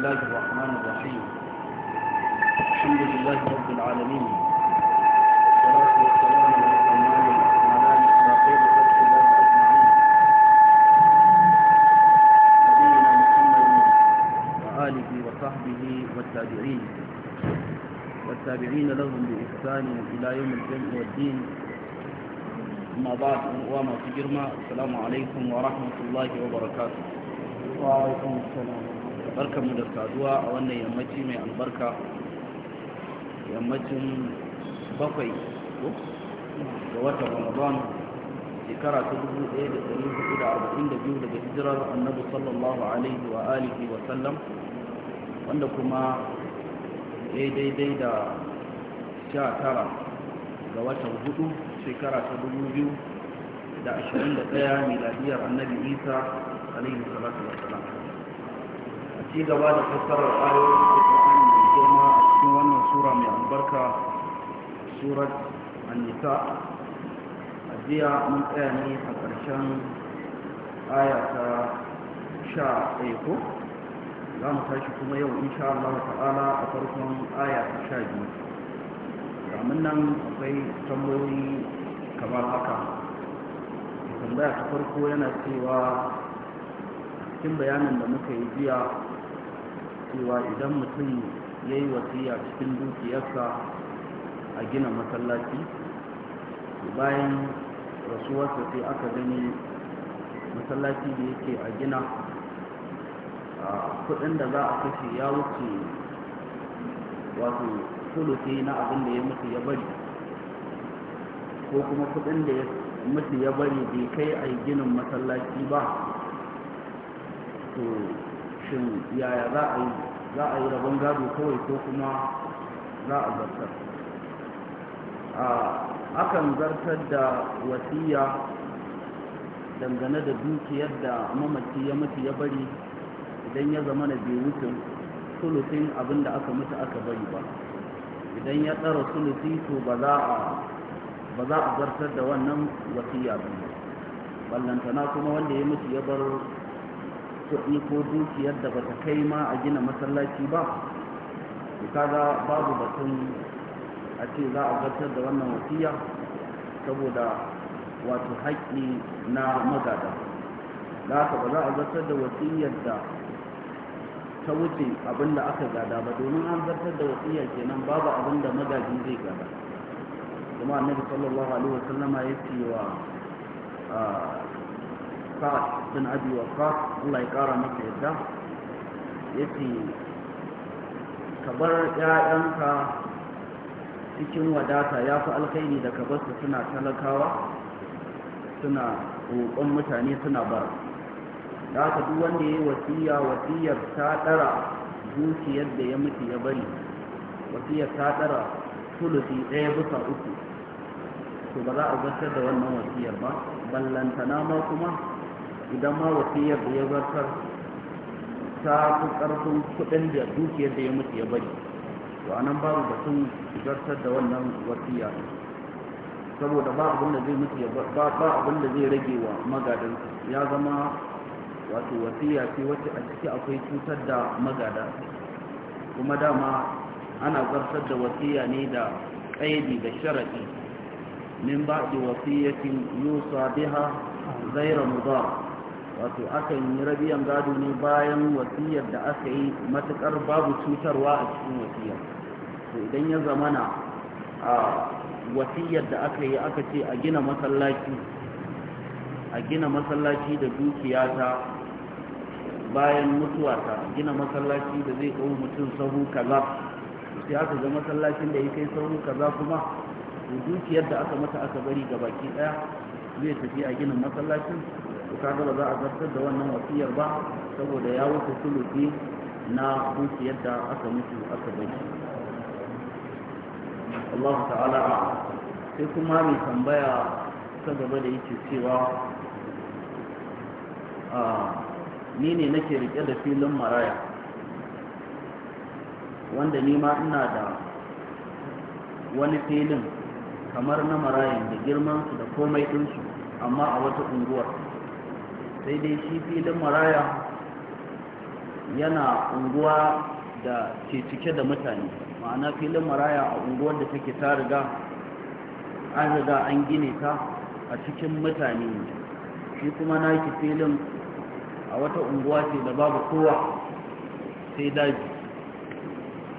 الله الرحمن الرحيم الحمد لله رب العالمين والصلاة والسلام على الأمان الأكملان على خير الله أجمعين نبينا محمد وصحبه والتابعين والتابعين لهم بإحسان إلى يوم الجمع والدين أما بعد وما في السلام عليكم ورحمة الله وبركاته وعليكم السلام barkanmu da saduwa a wannan yammaci mai albarka yammacin bakwai ga watan ramadan shekara ta dubu ɗaya da ɗari hudu da arba'in da biyu daga hijirar annabi sallallahu alaihi wa alihi wa sallam wanda kuma ya daidai da sha tara ga watan hudu shekara ta dubu biyu da ashirin da ɗaya miladiyar annabi isa alaihi salatu wa salam ci gaba da fassarar ayoyin da mai girma a cikin wannan sura mai albarka surat an-nisa a jiya mun tsaya ne a ƙarshen aya ta sha ɗaya za mu tashi kuma yau insha Allah ta'ala a farkon aya ta sha biyu kamun nan akwai tambayoyi kamar haka tambaya ta farko yana cewa cikin bayanin da muka yi jiya cewa idan mutum ya yi wasiya cikin dukiyarsa a gina masallaci bayan rasuwarsa sai aka gani masallaci da yake a gina kudin da za a kashe ya wuce wato sulusi na abin da ya mutu ya bari ko kuma kudin da ya mutu ya bari bai kai a ginin masallaci ba shin yaya za a yi za a yi rabon gado kawai ko kuma za a zartar a akan zartar da wasiya dangane da dukiyar da mamaci ya mutu ya bari idan ya zama na bai wuce sulusin abin da aka mutu aka bari ba idan ya tsara sulusi to ba za a zartar da wannan wasiya ba ballantana kuma wanda ya mutu ya bar kuɗi ko dukiyar da bata kai ma a gina masallaci ba kaga babu batun a ce za a gartar da wannan wasiya saboda wato haƙƙi na magada da haka ba za a zartar da wasiyar da ta wuce abin da aka gada ba domin an zartar da wasiyar kenan babu abin da magaji zai gada kuma annabi sallallahu alaihi wasallama ya ce wa ah, وقاص بن أبي وقاص الله يكرمك يدا يتي كبر يا أنت cikin wadata ya fi alkhairi da ka basu suna talakawa suna roƙon mutane suna bara da ka duk wanda ya yi wasiya wasiyar ta ɗara dukiyar da ya mutu ya bari wasiyar ta ɗara tulusi ɗaya bisa uku to ba za a zartar da wannan wasiyar ba ballantana ma kuma idan ma wasiyar da ya zartar ta fi ƙarfin kudin da dukiyar da ya mutu ya bari to anan babu batun zartar da wannan wasiya saboda ba abin da zai mutu ya ba ba abin da zai rage wa magadan ya zama wato wasiya ce wacce a ciki akwai cutar da magada kuma dama ana zartar da wasiya ne da ƙaidi da sharaɗi min ba da wasiyatin yusa biha zaira mudar wato akan yi rabiyan gado ne bayan wasiyar da aka yi matuƙar babu cutarwa a cikin wasiyar to idan ya zamana a wasiyar da aka yi aka ce a gina masallaci a gina masallaci da dukiyata bayan mutuwata gina masallaci da zai ɗau mutum sahu kaza sai aka ga masallacin da ya kai sahu kaza kuma dukiyar da aka mata aka bari ga baki ɗaya zai tafi a gina masallacin to kaga ba za a zartar da wannan wasiyar ba saboda ya wuce sulufi na dukiyar yadda aka mutu aka bai. Allah ta'ala a sai kuma mai tambaya ta gaba da yake cewa ni ne nake rike da filin maraya wanda ni ma ina da wani filin kamar na marayan da girmansu da komai ɗinsu amma a wata unguwar sai dai shi filin maraya yana unguwa da ke cike da mutane ma'ana filin maraya a unguwar da take ta riga an riga an gine ta a cikin mutane shi kuma naki filin a wata unguwa ce da babu kowa sai daji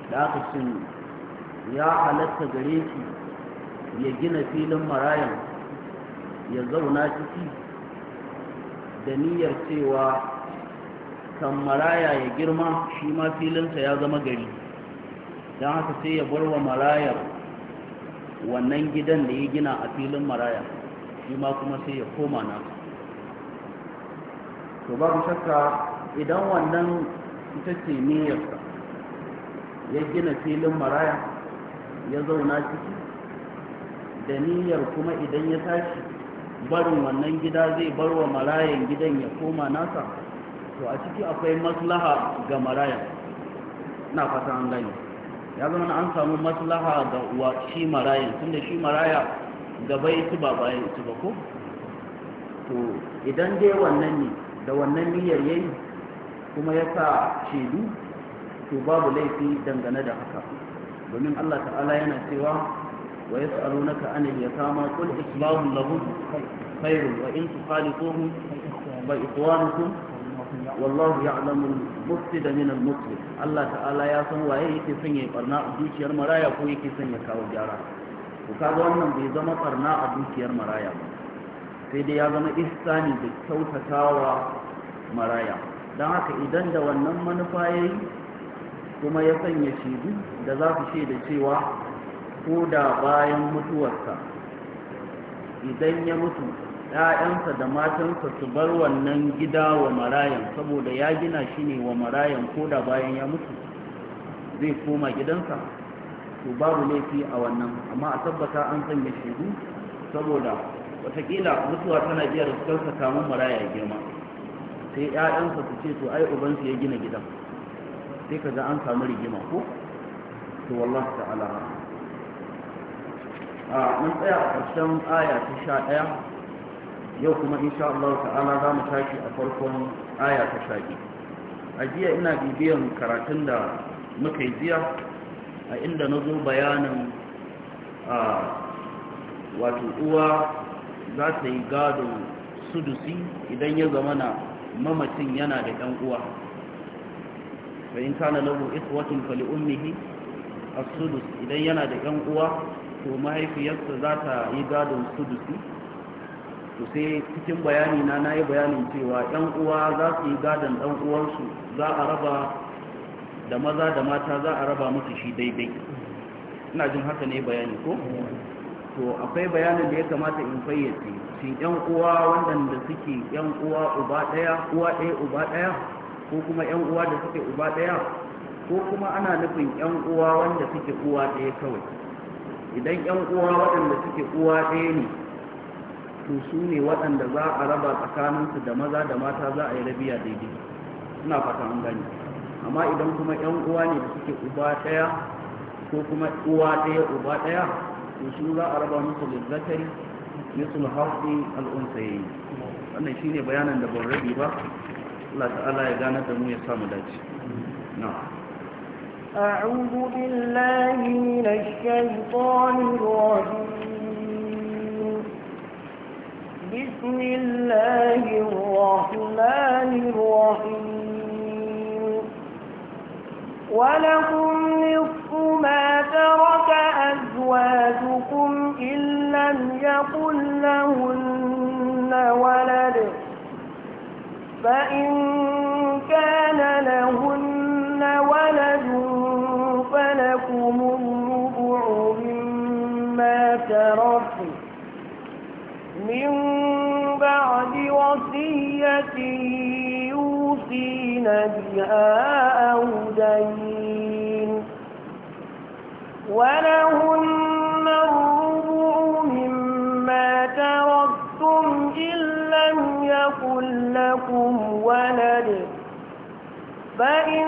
da aka sun ya halatta gare shi ya gina filin marayan ya zauna ciki da niyyar cewa kan maraya ya girma shi ma filinsa ya zama gari don haka sai ya bar wa marayar wannan gidan da ya gina a filin maraya shi ma kuma sai ya koma na to babu shakka idan wannan ita ce niyyarsa ya gina filin maraya ya zauna ciki da niyyar kuma idan ya tashi barin wannan gida zai bar wa marayan gidan ya koma nasa to a ciki akwai maslaha ga marayan na fata an gani ya zama an samu maslaha ga wa shi marayan tunda shi maraya gaba su ba bayan su ba ko to idan dai wannan ne da wannan niyyar yayi kuma ya sa shedu to babu laifi dangane da haka domin Allah ta'ala yana cewa ويسألونك عن اليتامى قل إصلاح لهم خير وإن تخالطوهم فإخوانكم والله يعلم المفسد من المصلح الله تعالى يا san waye yake son ya barna a dukiyar maraya ko yake son ya kawo gyara to kaga wannan bai zama barna a dukiyar maraya ba sai dai ya zama ihsani da kyautatawa maraya don haka idan da wannan manufa yayi kuma ya sanya shidu da za su shaida cewa ko da bayan mutuwarsa idan ya mutu ‘ya'yansa da matansa su bar wannan gida wa marayan saboda ya gina shi ne wa marayan ko da bayan ya mutu zai koma gidansa to babu laifi a wannan amma a tabbata an sanya shaidu saboda watakila mutuwa tana iya ruskarsa kamun maraya girma sai ‘ya'yansa su ce to ai ubansu ya gina gidan sai ka ga an samu rigima ko to wallah ta'ala a mun tsaya a ƙarshen aya ta sha ɗaya yau kuma insha Allah ta'ala za mu tashi a farkon aya ta sha biyu a jiya ina bibiyan karatun da muka yi jiya a inda na zo bayanin a wato uwa za ta yi gado sudusi idan ya zama na mamacin yana da ɗan uwa bayan kana lahu ikhwatin fali ummihi as-sudus idan yana da 'yan uwa to mahaifiyarsa za ta yi gadon sudusi to sai cikin bayani na na yi bayanin cewa yan uwa za su yi gadon ɗan uwansu za a raba da maza da mata za a raba musu shi daidai ina jin haka ne bayani ko to akwai bayanin da ya kamata in fayyace shi yan uwa waɗanda suke yan uwa uba ɗaya uwa ɗaya uba ɗaya ko kuma yan uwa da suke uba ɗaya ko kuma ana nufin yan uwa wanda suke uwa ɗaya kawai idan yan uwa waɗanda suke uwa ɗaya ne to su ne waɗanda za a raba tsakaninsu da maza da mata za a yi rabiya daidai suna fata an gani amma idan kuma yan uwa ne da suke uba ɗaya ko kuma uwa ɗaya uba ɗaya to su za a raba musu da zakari misul hafi yi wannan shine bayanan da ban rabi ba Allah ta'ala ya gane da mu ya samu dace na'am أعوذ بالله من الشيطان الرجيم بسم الله الرحمن الرحيم ولكم نصف ما ترك أزواجكم إن لم يقل لهن ولد فإن كان لهن من بعد وصية يوصين بها أو دين ولهن الربع مما تركتم إن لم يكن لكم ولد فإن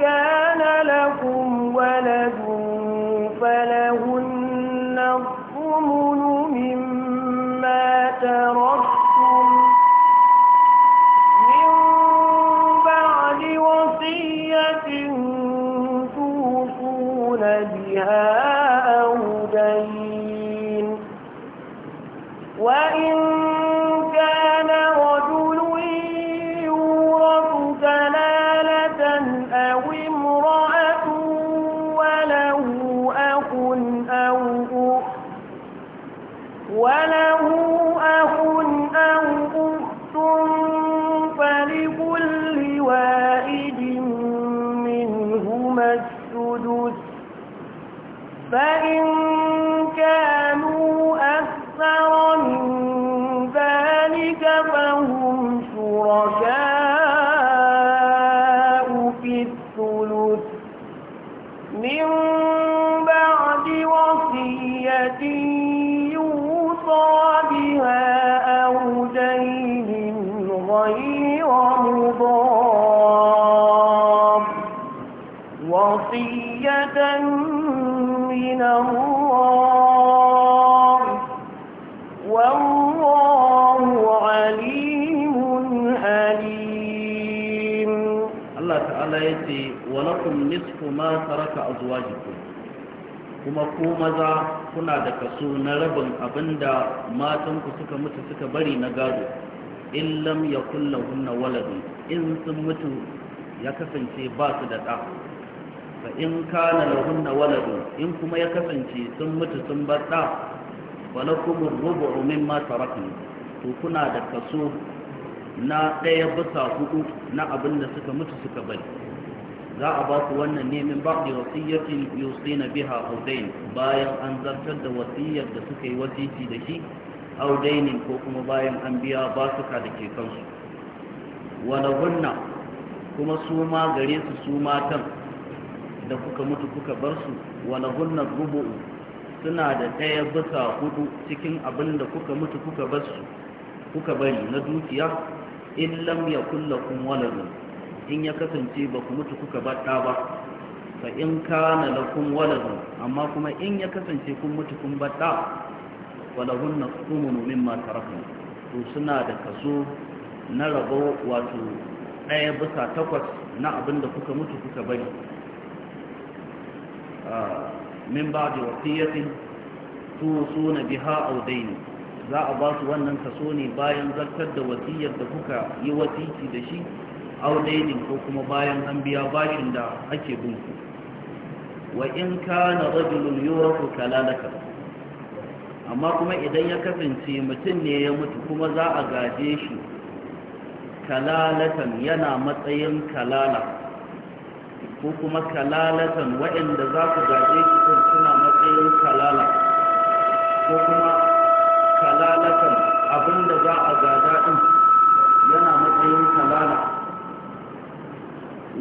كان لكم ولد فلهن ربي ma taraka azwajikum kuma ko maza kuna da kaso na rabin abinda matanku suka mutu suka bari na gado in lam yakul lahunna waladun in sun mutu ya kasance ba su da ɗa fa in kana lahunna waladun in kuma ya kasance sun mutu sun bar ɗa walakumur rubu'u mimma tarakna to kuna da kaso na ɗaya bisa hudu na abin da suka mutu suka bari za a ba su wannan ba da ba'di wasiyyatin na biha a bayan an zartar da wasiyyar da suka yi wasiyyaci da shi a ko kuma bayan an biya ka da ke kansu wala wunna kuma su ma gare su su matan da kuka mutu kuka bar su wala wunna rubu suna da ɗaya bisa hudu cikin abin da kuka mutu kuka bar su kuka bari na dukiya in lam yakul lakum waladun in ya kasance ba ku mutu kuka baɗa ba fa in kana lakum waladun amma kuma in ya kasance kun mutu kun baɗa walahun na kumunu mimma tarakun to suna da kaso na rabo wato ɗaya bisa takwas na abin da kuka mutu kuka bari ah, min ba da wasiyatin tuso na biha audaini za a ba su wannan kaso ne bayan zartar da wasiyar da kuka yi wasiki da shi audaidin ko kuma bayan an biya bashin da ake bin ku wa in kana rajulun yurafu kalalaka amma kuma idan ya kasance mutum ne ya mutu kuma za a gaje shi kalalatan yana matsayin kalala ko kuma kalalatan waɗanda za ku gaje shi suna matsayin kalala ko kuma kalalatan abinda za a gada din yana matsayin kalala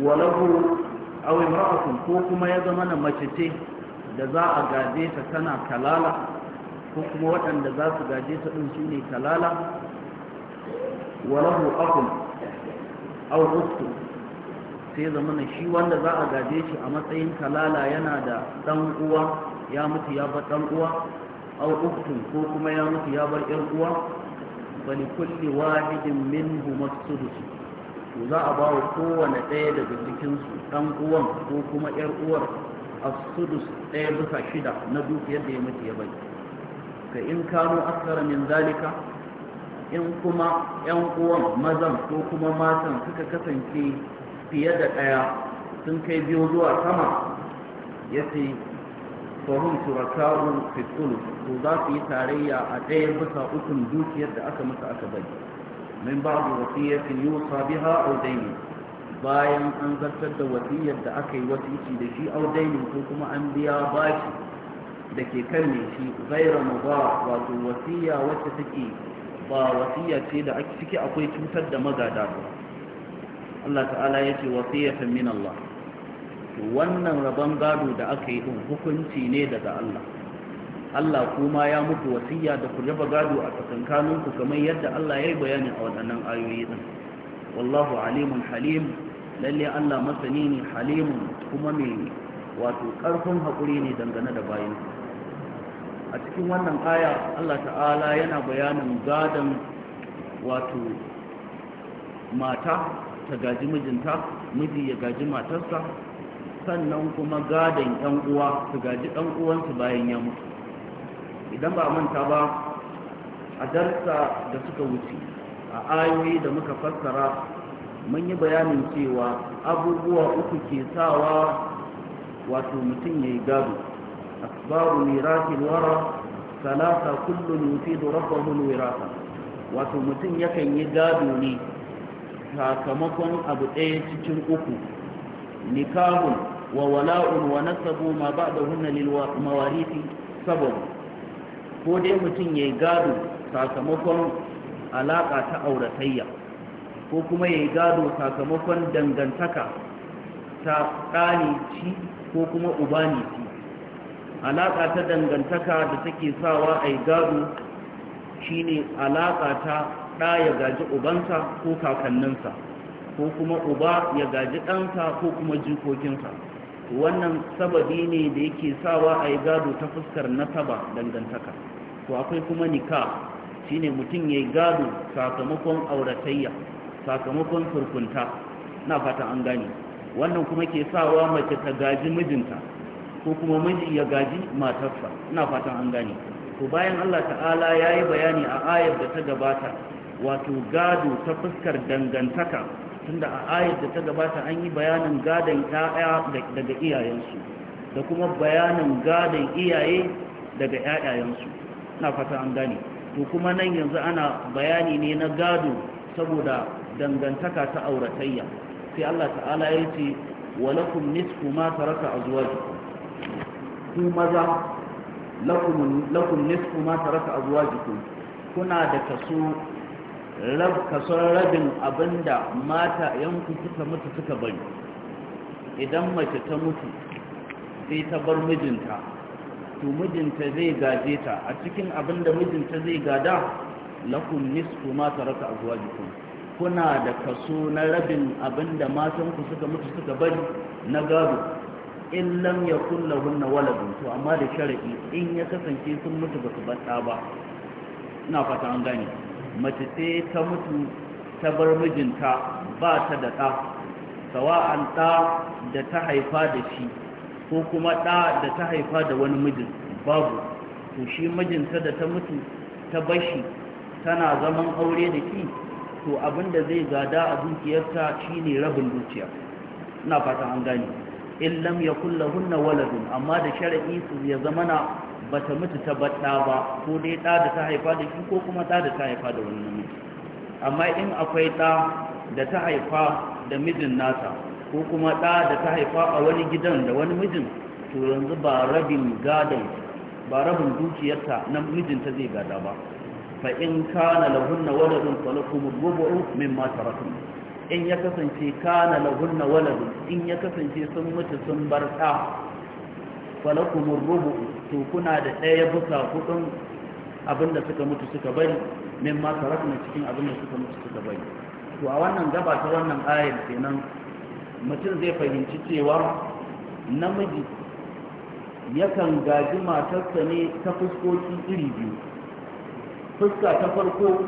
walahu aw imra'atun ko kuma ya zama na mace ce da za a gaje ta tana kalala ko kuma waɗanda za su gaje ta ɗin shine kalala walahu akun aw ukhtun sai zama na shi wanda za a gaje shi a matsayin kalala yana da ɗan uwa ya mutu ya bar ɗan uwa aw ukhtun ko kuma ya mutu ya bar ƴan uwa fa li kulli wahidin minhum as to za a ba wa kowane ɗaya daga cikinsu ɗan uwan ko kuma 'yar uwar asudus ɗaya bisa shida na dukiyar da ya mace ya bai ka in kano aksara min zalika in kuma ƴan uwan mazan ko kuma matan suka kasance fiye da ɗaya sun kai biyu zuwa sama ya ce fitulu shurakaru to za su yi tarayya a ɗaya bisa ukun dukiyar da aka masa aka bai min ba'd wasiyatin yusa biha aw bayan an zartar da wasiyar da aka yi wasiyi da shi aw ko kuma an biya bashi da ke kan ne shi ghayra mudar wato wasiya wacce take ba wasiya ce da ake ciki akwai cutar da magada ba Allah ta'ala ya ce wasiyatan min Allah wannan rabon gado da aka yi hukunci ne daga Allah Allah kuma ya mutu wasiya da ku raba gado a tsakankaninku kamar yadda Allah ya yi bayani a waɗannan ayoyi din wallahu alimun halim lalle Allah masani ne halimun kuma mai wato ƙarfin haƙuri ne dangane da bayan a cikin wannan aya Allah ta'ala yana bayanin gadon wato mata ta gaji mijinta miji ya gaji matarsa sannan kuma gadon ɗan uwa su gaji ɗan uwansu bayan ya mutu idan ba manta ba a darsa da suka wuce a ayoyi da muka fassara mun yi bayanin cewa abubuwa uku ke sawa wato mutum ya yi gado asbabu mirasil wara salasa kullum yufidu rabbahul wirasa wato mutum yakan yi gado ne sakamakon abu ɗaya cikin uku nikahun wa wala'un wa nasabu ma ba da lil mawarifi sababu ko dai mutum ya yi gado sakamakon alaƙa ta auratayya ko kuma ya yi gado sakamakon dangantaka ta ɗani ko kuma ubani alaƙa ta dangantaka da take sawa a yi gado shi ne alaƙa ta ɗa ya gaji ubansa ko kakanninsa ko kuma uba ya gaji ɗansa ko kuma jikokinsa wannan sababi ne da yake sawa a yi gado ta fuskar nasaba dangantaka to akwai kuma nika shine mutum ya yi gado sakamakon auratayya sakamakon surkunta na fata an gane wannan kuma ke sawa mace ta gaji mijinta ko kuma miji ya gaji matarsa ina fatan an gane to bayan Allah ta'ala ya yi bayani a ayar da ta gabata wato gado ta fuskar dangantaka tunda a ayar da ta gabata an yi bayanin gadon 'ya'ya daga iyayensu da kuma bayanin gadon iyaye daga ƴaƴayensu na fata an gane to kuma nan yanzu ana bayani ne na gado saboda dangantaka ta auratayya sai Allah ta'ala ya ce walakum nisfu ma taraka azwajukum ku maza lakum lakum nisfu ma taraka azwajukum kuna da kaso rab kaso rabin abinda mata yanku suka mutu suka bari idan mace ta mutu sai ta bar mijinta to mijinta zai gaje ta a cikin abin da mijinta zai gada lakum nisfu ma taraka azwajukum kuna da kaso na rabin abin da matanku suka mutu suka bari na gado in lam yakun lahunna waladun to amma da sharadi in ya kasance sun mutu ba su bata ba ina fata an gane mace ce ta mutu ta bar mijinta ba ta da ta sawa'an ɗa da ta haifa da shi ko kuma ɗa da ta haifa da wani mijin babu to shi mijinta da ta mutu ta bashi tana zaman aure da ki to abinda zai gada a dukiyarta shine rabin dukiya ina fatan an gane in lam yakul waladun amma da shar'i su ya zamana bata mutu ta badda ba ko dai ɗa da ta haifa da shi ko kuma ɗa da ta haifa da wani namiji amma in akwai ɗa da ta haifa da mijin nata ko kuma ɗa da ta haifa a wani gidan da wani mijin to yanzu ba rabin gadon ba rabin dukiyarta na mijinta zai gada ba fa in kana lahunna waladun falakum rubu'u mimma tarakum in ya kasance kana lahunna waladun in ya kasance sun mutu sun bar ɗa falakum rubu'u to kuna da ɗaya bisa hudun abinda suka mutu suka bari mimma tarakum cikin abinda suka mutu suka bari to a wannan gaba ta wannan ayar kenan mutum zai fahimci cewa namiji yakan gaji matarsa ne ta fuskoki iri biyu fuska ta farko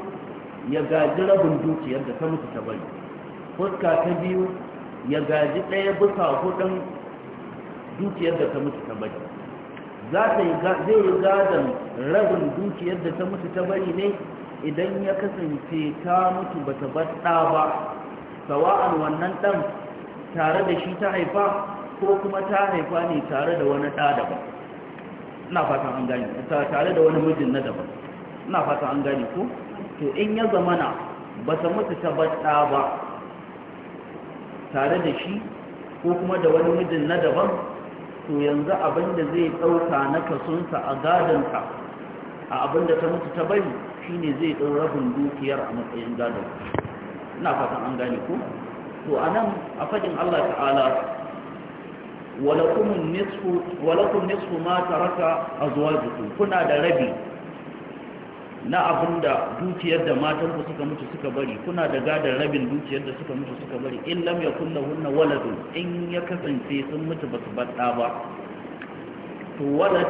ya gaji rabin dukiyar da ta mutu ta bari fuska ta biyu ya gaji ɗaya bisa hudun dukiyar da ta mutu ta bari zai yi gadon rabin dukiyar da ta mutu ta bari ne idan ya kasance ta mutu ba ta bar ɗa ba sawa'an wannan ɗan tare da shi ta haifa ko kuma ta haifa ne tare da wani ɗa daban ina fatan an gani tare da wani mijin na daban ina fatan an gani ko to in ya zamana ba ta mutu ta baɗa ba tare da shi ko kuma da wani mijin na daban to yanzu abin da zai ɗauka na kasunsa a gadonsa a abin da ta mutu ta bari shine zai ɗau rabin dukiyar a matsayin gadon ina fatan an gane ko to anan a fadin Allah ta'ala walakum nisfu ma taraka azwajukum kuna da rabi na abinda dukiyar da matan ku suka mutu suka bari kuna da gadar rabin dukiyar da suka mutu suka bari in lam yakun lahun waladun in ya kasance sun mutu basu bar da ba to walad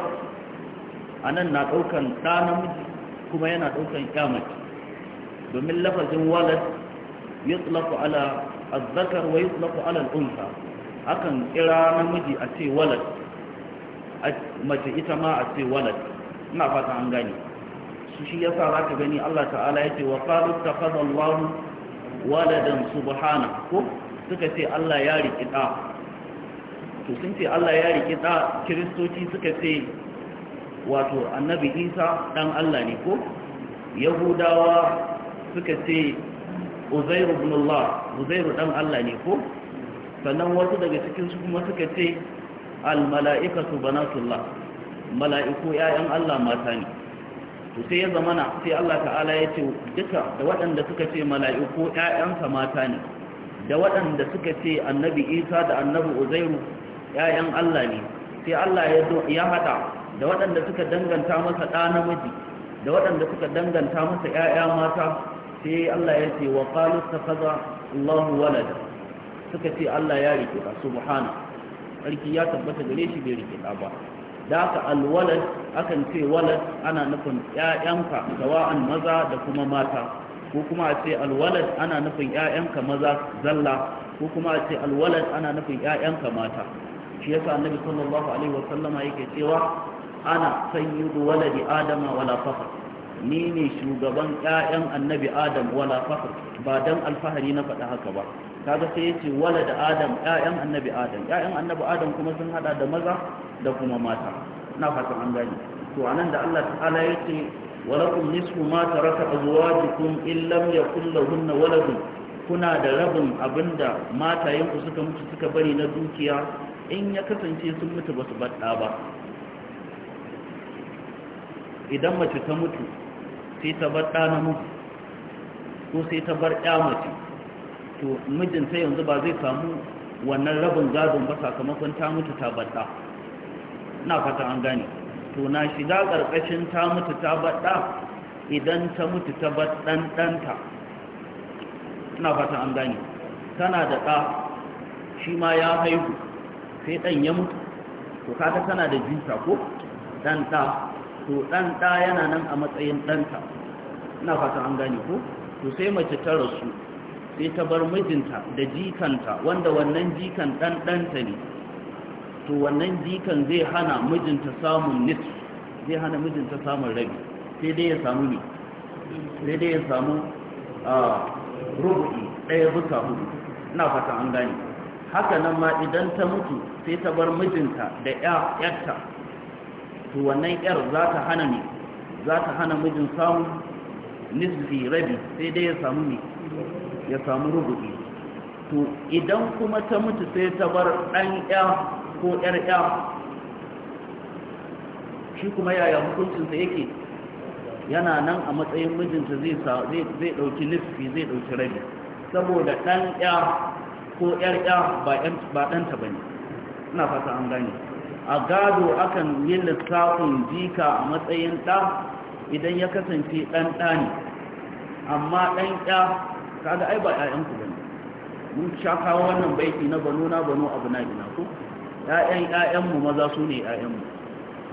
anan na daukan da namiji kuma yana daukan kyamati domin lafazin walad yutlaqu ala azzakar wa yutlaqu ala al-unsa akan kira namiji a ce walad mace ita ma a ce walad ina fata an gani su shi yasa ka gani Allah ta'ala ce wa qalu ta Allahu waladan subhana ko suka ce Allah ya riki da to sun ce Allah ya riki da kristoci suka ce wato annabi Isa dan Allah ne ko yahudawa suka ce uzairu ibn Allah uzairu dan Allah ne ko sannan wasu daga cikin su kuma suka ce al mala'ikatu banatullah mala'iku ƴaƴan Allah mata ne to sai ya zamana sai Allah ta'ala ya ce duka da waɗanda suka ce mala'iku ƴaƴansa mata ne da waɗanda suka ce annabi Isa da annabi Uzairu ƴaƴan Allah ne sai Allah ya ya hada da waɗanda suka danganta masa ɗa namiji da waɗanda suka danganta masa ƴaƴa mata sai Allah ya ce wa qalu takhadha Allahu walada suka ce Allah ya rike ka subhana sarki ya tabbata gare shi bai rike ba da aka alwalad akan ce walad ana nufin ƴaƴanka sawa'an maza da kuma mata ko kuma a ce alwalad ana nufin ƴaƴanka maza zalla ko kuma a ce alwalad ana nufin ƴaƴanka mata shi yasa annabi sallallahu alaihi wasallama yake cewa ana sayyidu waladi adama wala fakhr ni ne shugaban ƴaƴan annabi adam wala fakhr ba dan alfahari na faɗa haka ba kaga sai ya ce wala da adam ƴaƴan annabi adam ƴaƴan annabi adam kuma sun hada da maza da kuma mata Na fata an gani to anan da Allah ta'ala ya ce walakum nisfu ma taraka azwajukum in lam yakul lahunna waladun kuna da rabin abinda ku suka mutu suka bari na dukiya in ya kasance sun mutu su badda ba idan mace ta mutu sai ta bar ɗa namiji ko sai ta bar ɗa mace to mijinta yanzu ba zai samu wannan rabin gadon ba sakamakon ta mutu ta bar ɗa na fata an gane to na shiga ƙarƙashin ta mutu ta bar ɗa idan ta mutu ta bar ɗan ɗanta na fata an gane tana da ɗa shi ma ya haihu sai ɗan ya mutu to kata tana da jinsa ko ɗan ɗa to ɗan ɗa yana nan a matsayin ɗanta ina fata an gane ko to sai mace ta rasu sai ta bar mijinta da jikanta wanda wannan jikan ɗan ɗanta ne to wannan jikan zai hana mijinta samun nit, zai hana mijinta samun rabi sai dai ya samu ne sai dai ya samu rubu'i ɗaya buka hudu ina fata an gane haka nan ma idan ta mutu sai ta bar mijinta da ƴarta to wannan yar za ta hana ne za ta hana mijin samun nisfi rabi sai dai ya samu ne ya samu rubuɗi to idan kuma ta mutu sai ta bar ɗan ya ko ƴar ya shi kuma yaya hukuncinsa yake yana nan a matsayin mijinta zai ɗauki nisfi zai ɗauki rabi saboda ɗan ya ko ƴar ya ba ɗanta ba ne ina fata an gane a gado akan yi lissafin jika a matsayin ɗa idan ya kasance ɗan ne amma ɗan ɗa kaga ai ba ƴaƴanku ba ne mun sha kawo wannan baiki na bano na bano abu na gina ku ƴaƴan ƴaƴanmu maza su ne ƴaƴanmu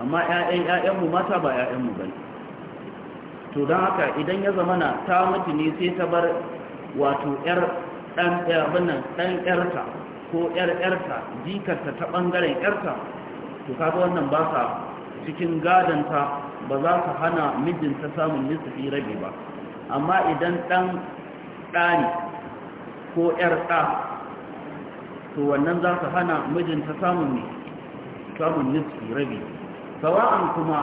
amma ƴaƴan ƴaƴanmu mata ba ƴaƴanmu ba ne to don haka idan ya zama na ta mutu ne sai ta bar wato ƴar ɗan ɗan ƴarta ko ƴar ƴarta jikarta ta ɓangaren ƴarta to kaga wannan ba sa cikin gadanta ba za ka hana mijinta samun nisfi rabi ba amma idan ɗan ɗani ko ‘yar ɗa to wannan za ka hana mijinta samun samun nisfi rabi sawa'an kuma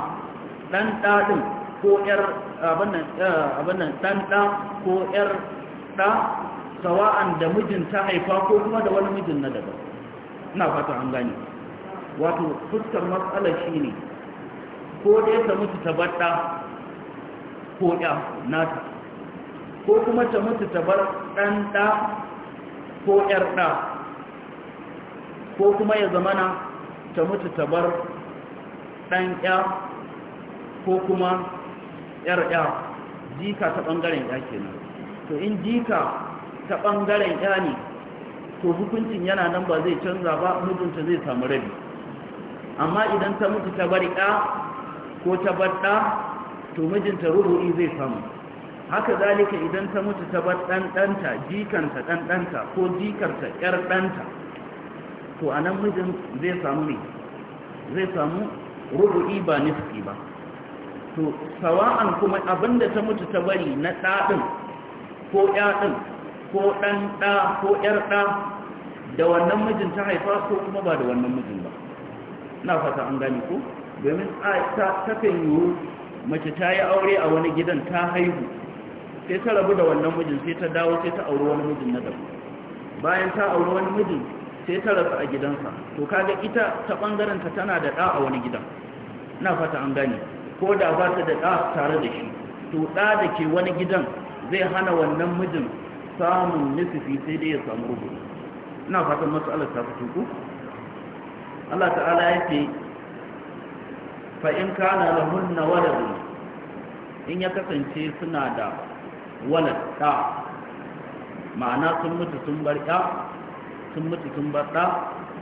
ɗan ɗaɗin ko ‘yar abannan eh, ɗan ɗa ko ‘yar ɗa sawa'an da mijinta haifa ko kuma da wani mijin na daban ina fata an gani wato fuskar matsala shi ne ko dai ta mutu ta baɗa ko ɗa nata ko kuma ta mutu ta bar ɗan ɗa ko ƴar ɗa ko kuma ya zamana ta mutu ta bar ɗan ƴa ko kuma ƴar ƴa, jika ta ɓangaren ƴa kenan to in jika ta ɓangaren ƴa ne to hukuncin yana nan ba zai canza ba mutunta zai samu rabi amma idan ta mutu ta bari ɗa ko ta bar ɗa to mijinta rubu'i zai samu haka zalika idan ta mutu ta bar ɗanɗanta jikanta ɗanɗanta ko jikarta ƴar ɗanta to a nan mijin zai samu ne zai samu rubu'i ba nufi ba to sawa'an kuma abinda ta mutu ta bari na ɗaɗin ko ɗaɗin ko ɗan ɗa ko ƴar ɗa da wannan mijin ta haifa ko kuma ba da wannan mijin ba na fata an gane ko domin ta yi mace ta yi aure a wani gidan ta haihu sai ta rabu da wannan mijin sai ta dawo sai ta auri wani mijin na daban bayan ta auri wani mijin sai ta rasu a gidansa to kaga ita ta bangaren ta tana da ɗa a wani gidan na fata an gane ko da ba ta da ɗa tare da shi to ɗa da ke wani gidan zai hana wannan mijin samun nisifi sai dai ya samu rubu ina fatan matsalar ta fito ku Allah ta'ala ya ce fa in kana lahunna waladun in ya kasance suna da walad da ma'ana sun mutu sun bar ɗa sun mutu sun bar ɗa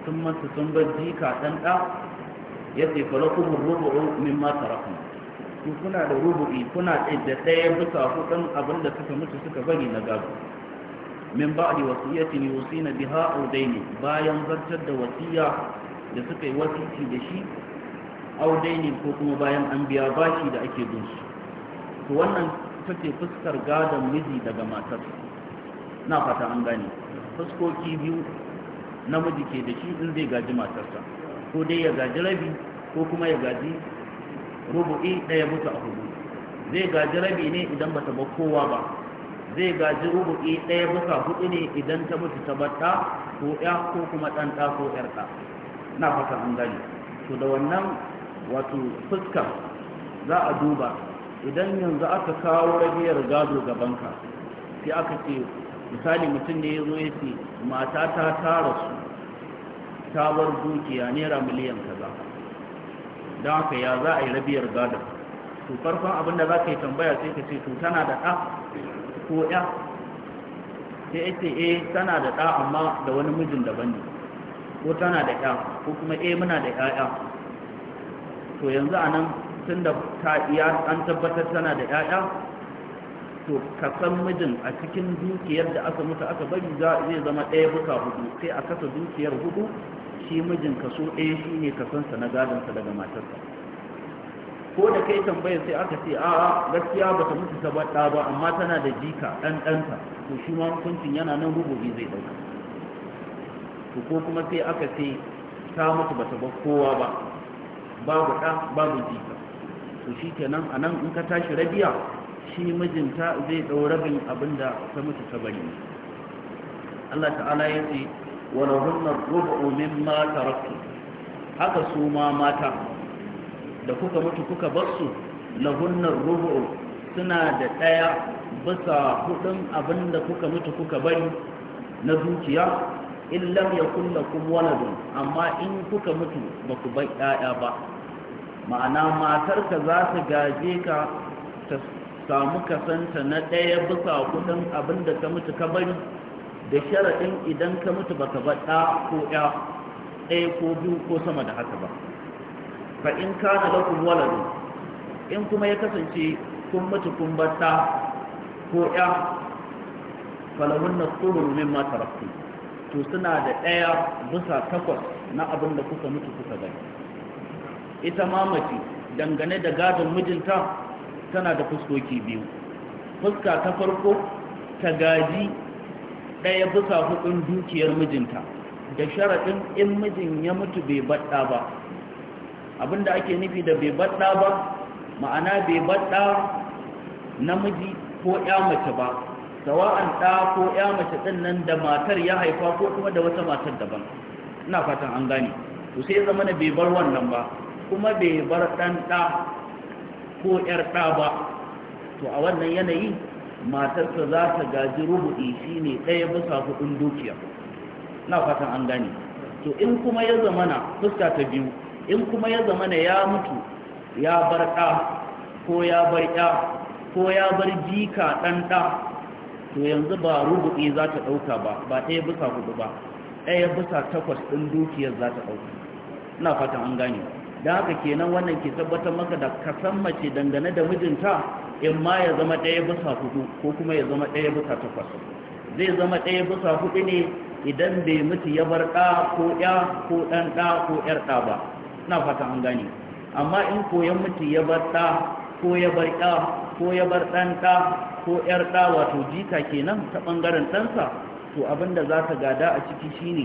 sun mutu sun bar jika ɗan ɗa ya ce fa lakum rubu'u mata tarakum ku kuna da rubu'i kuna da ɗaya bisa hudun abin da suka mutu suka bari na gado min ba'di wasiyatin yusina biha aw dayni bayan zartar da wasiya da suka yi wasiki da shi audaini ko kuma bayan an biya bashi da ake bin su to wannan ta ce fuskar gadon miji daga matar na fata an gane fuskoki biyu namiji ke da shi in zai gaji matarsa ko dai ya gaji rabi ko kuma ya gaji rubu'i ɗaya mutu a hudu zai gaji rabi ne idan bata ba kowa ba zai gaji rubu'i ɗaya a hudu ne idan ta mutu ta batta ko ya ko kuma ɗanɗa ko ƴar na fata an gani to da wannan wato fuskar za a duba idan yanzu aka kawo rabiyar gado gabanka sai aka ce misali mutum ne ya zo ya ce mata ta tara su ta bar dukiya naira miliyan kaza don haka ya za a yi rabiyar gado. to farkon abin da za ka yi tambaya sai ka ce to tana da ɗa ko ya sai ake ce eh, tana da ɗa amma da wani mijin daban ne ko tana da ƴa ko kuma eh muna da ƴaƴa to yanzu a nan tun da ta iya an tabbatar tana da ƴaƴa to ka san mijin a cikin dukiyar da aka mutu aka bari zai zama ɗaya buka hudu sai a kasa dukiyar hudu shi mijin ka so ɗaya shi ne kasansa na gadonsa daga matarsa ko da kai tambaya sai aka ce a'a gaskiya ba ta mutu ta ba amma tana da jika ɗanɗanta to shi ma hukuncin yana nan rububi zai ɗauka to ko kuma sai aka ce ta mutu bata ba kowa ba babu ɗa babu jika to shi kenan a nan in ka tashi rabiya shi mijinta zai ɗau rabin abin da ta mutu ta bari Allah ta'ala ya ce wa lahunna rubu mimma taraktu haka su ma mata da kuka mutu kuka bar su lahunna rubu suna da ɗaya bisa hudun abin da kuka mutu kuka bari na zuciya in lam yakun lakum waladun amma in kuka mutu ba ku bai ɗaya ba ma'ana matarka za ta gaje ka ta samu kasanta na ɗaya bisa kuɗin abin da ka mutu ka bari da sharaɗin idan ka mutu ba ka ba ɗa ko ɗaya ko biyu ko sama da haka ba fa in kana lakum waladun in kuma ya kasance kun mutu kun bar ɗa ko ɗaya falahunna tsoro min ma taraktu to suna da ɗaya bisa takwas na abin da kuka mutu kuka gani ita mamaci dangane da gadon mijinta tana da fuskoki biyu fuska ta farko ta gaji ɗaya bisa hudun dukiyar mijinta da sharaɗin in mijin ya mutu bai baɗa ba Abin da ake nufi da bai baɗa ba ma'ana bai baɗa namiji ko ya mace ba sawa'an ɗa ko ya mace ɗin nan da matar ya haifa ko kuma da wata matar daban ina fatan an gane to sai zama na bai bar wannan ba kuma bai bar ɗan ɗa ko ƴar ɗa ba to a wannan yanayi matarsa za ta gaji rubuɗi shi ne ɗaya bisa kuɗin dukiya ina fatan an gane to in kuma ya zama na fuska ta biyu in kuma ya zama na ya mutu ya bar ɗa ko ya bar ɗa ko ya bar jika ɗan ɗa to yanzu ba rubuɗi za ta ɗauka ba ba ɗaya bisa hudu ba ɗaya bisa takwas ɗin dukiyar za ta ɗauka ina fatan an gane don haka kenan wannan ke tabbatar maka da kasan mace dangane da mijinta in ma ya zama ɗaya bisa hudu ko kuma ya zama ɗaya bisa takwas zai zama ɗaya bisa hudu ne idan bai mutu ya bar ɗa ko ɗa ko ɗan ɗa ko ƴar ɗa ba ina fatan an gane amma in koyan mutu ya bar ɗa ko ya bar ko ya bar ɗan ko ‘yar ɗa wato jika kenan ta ɓangaren ɗansa to abin da za ka gada a ciki shine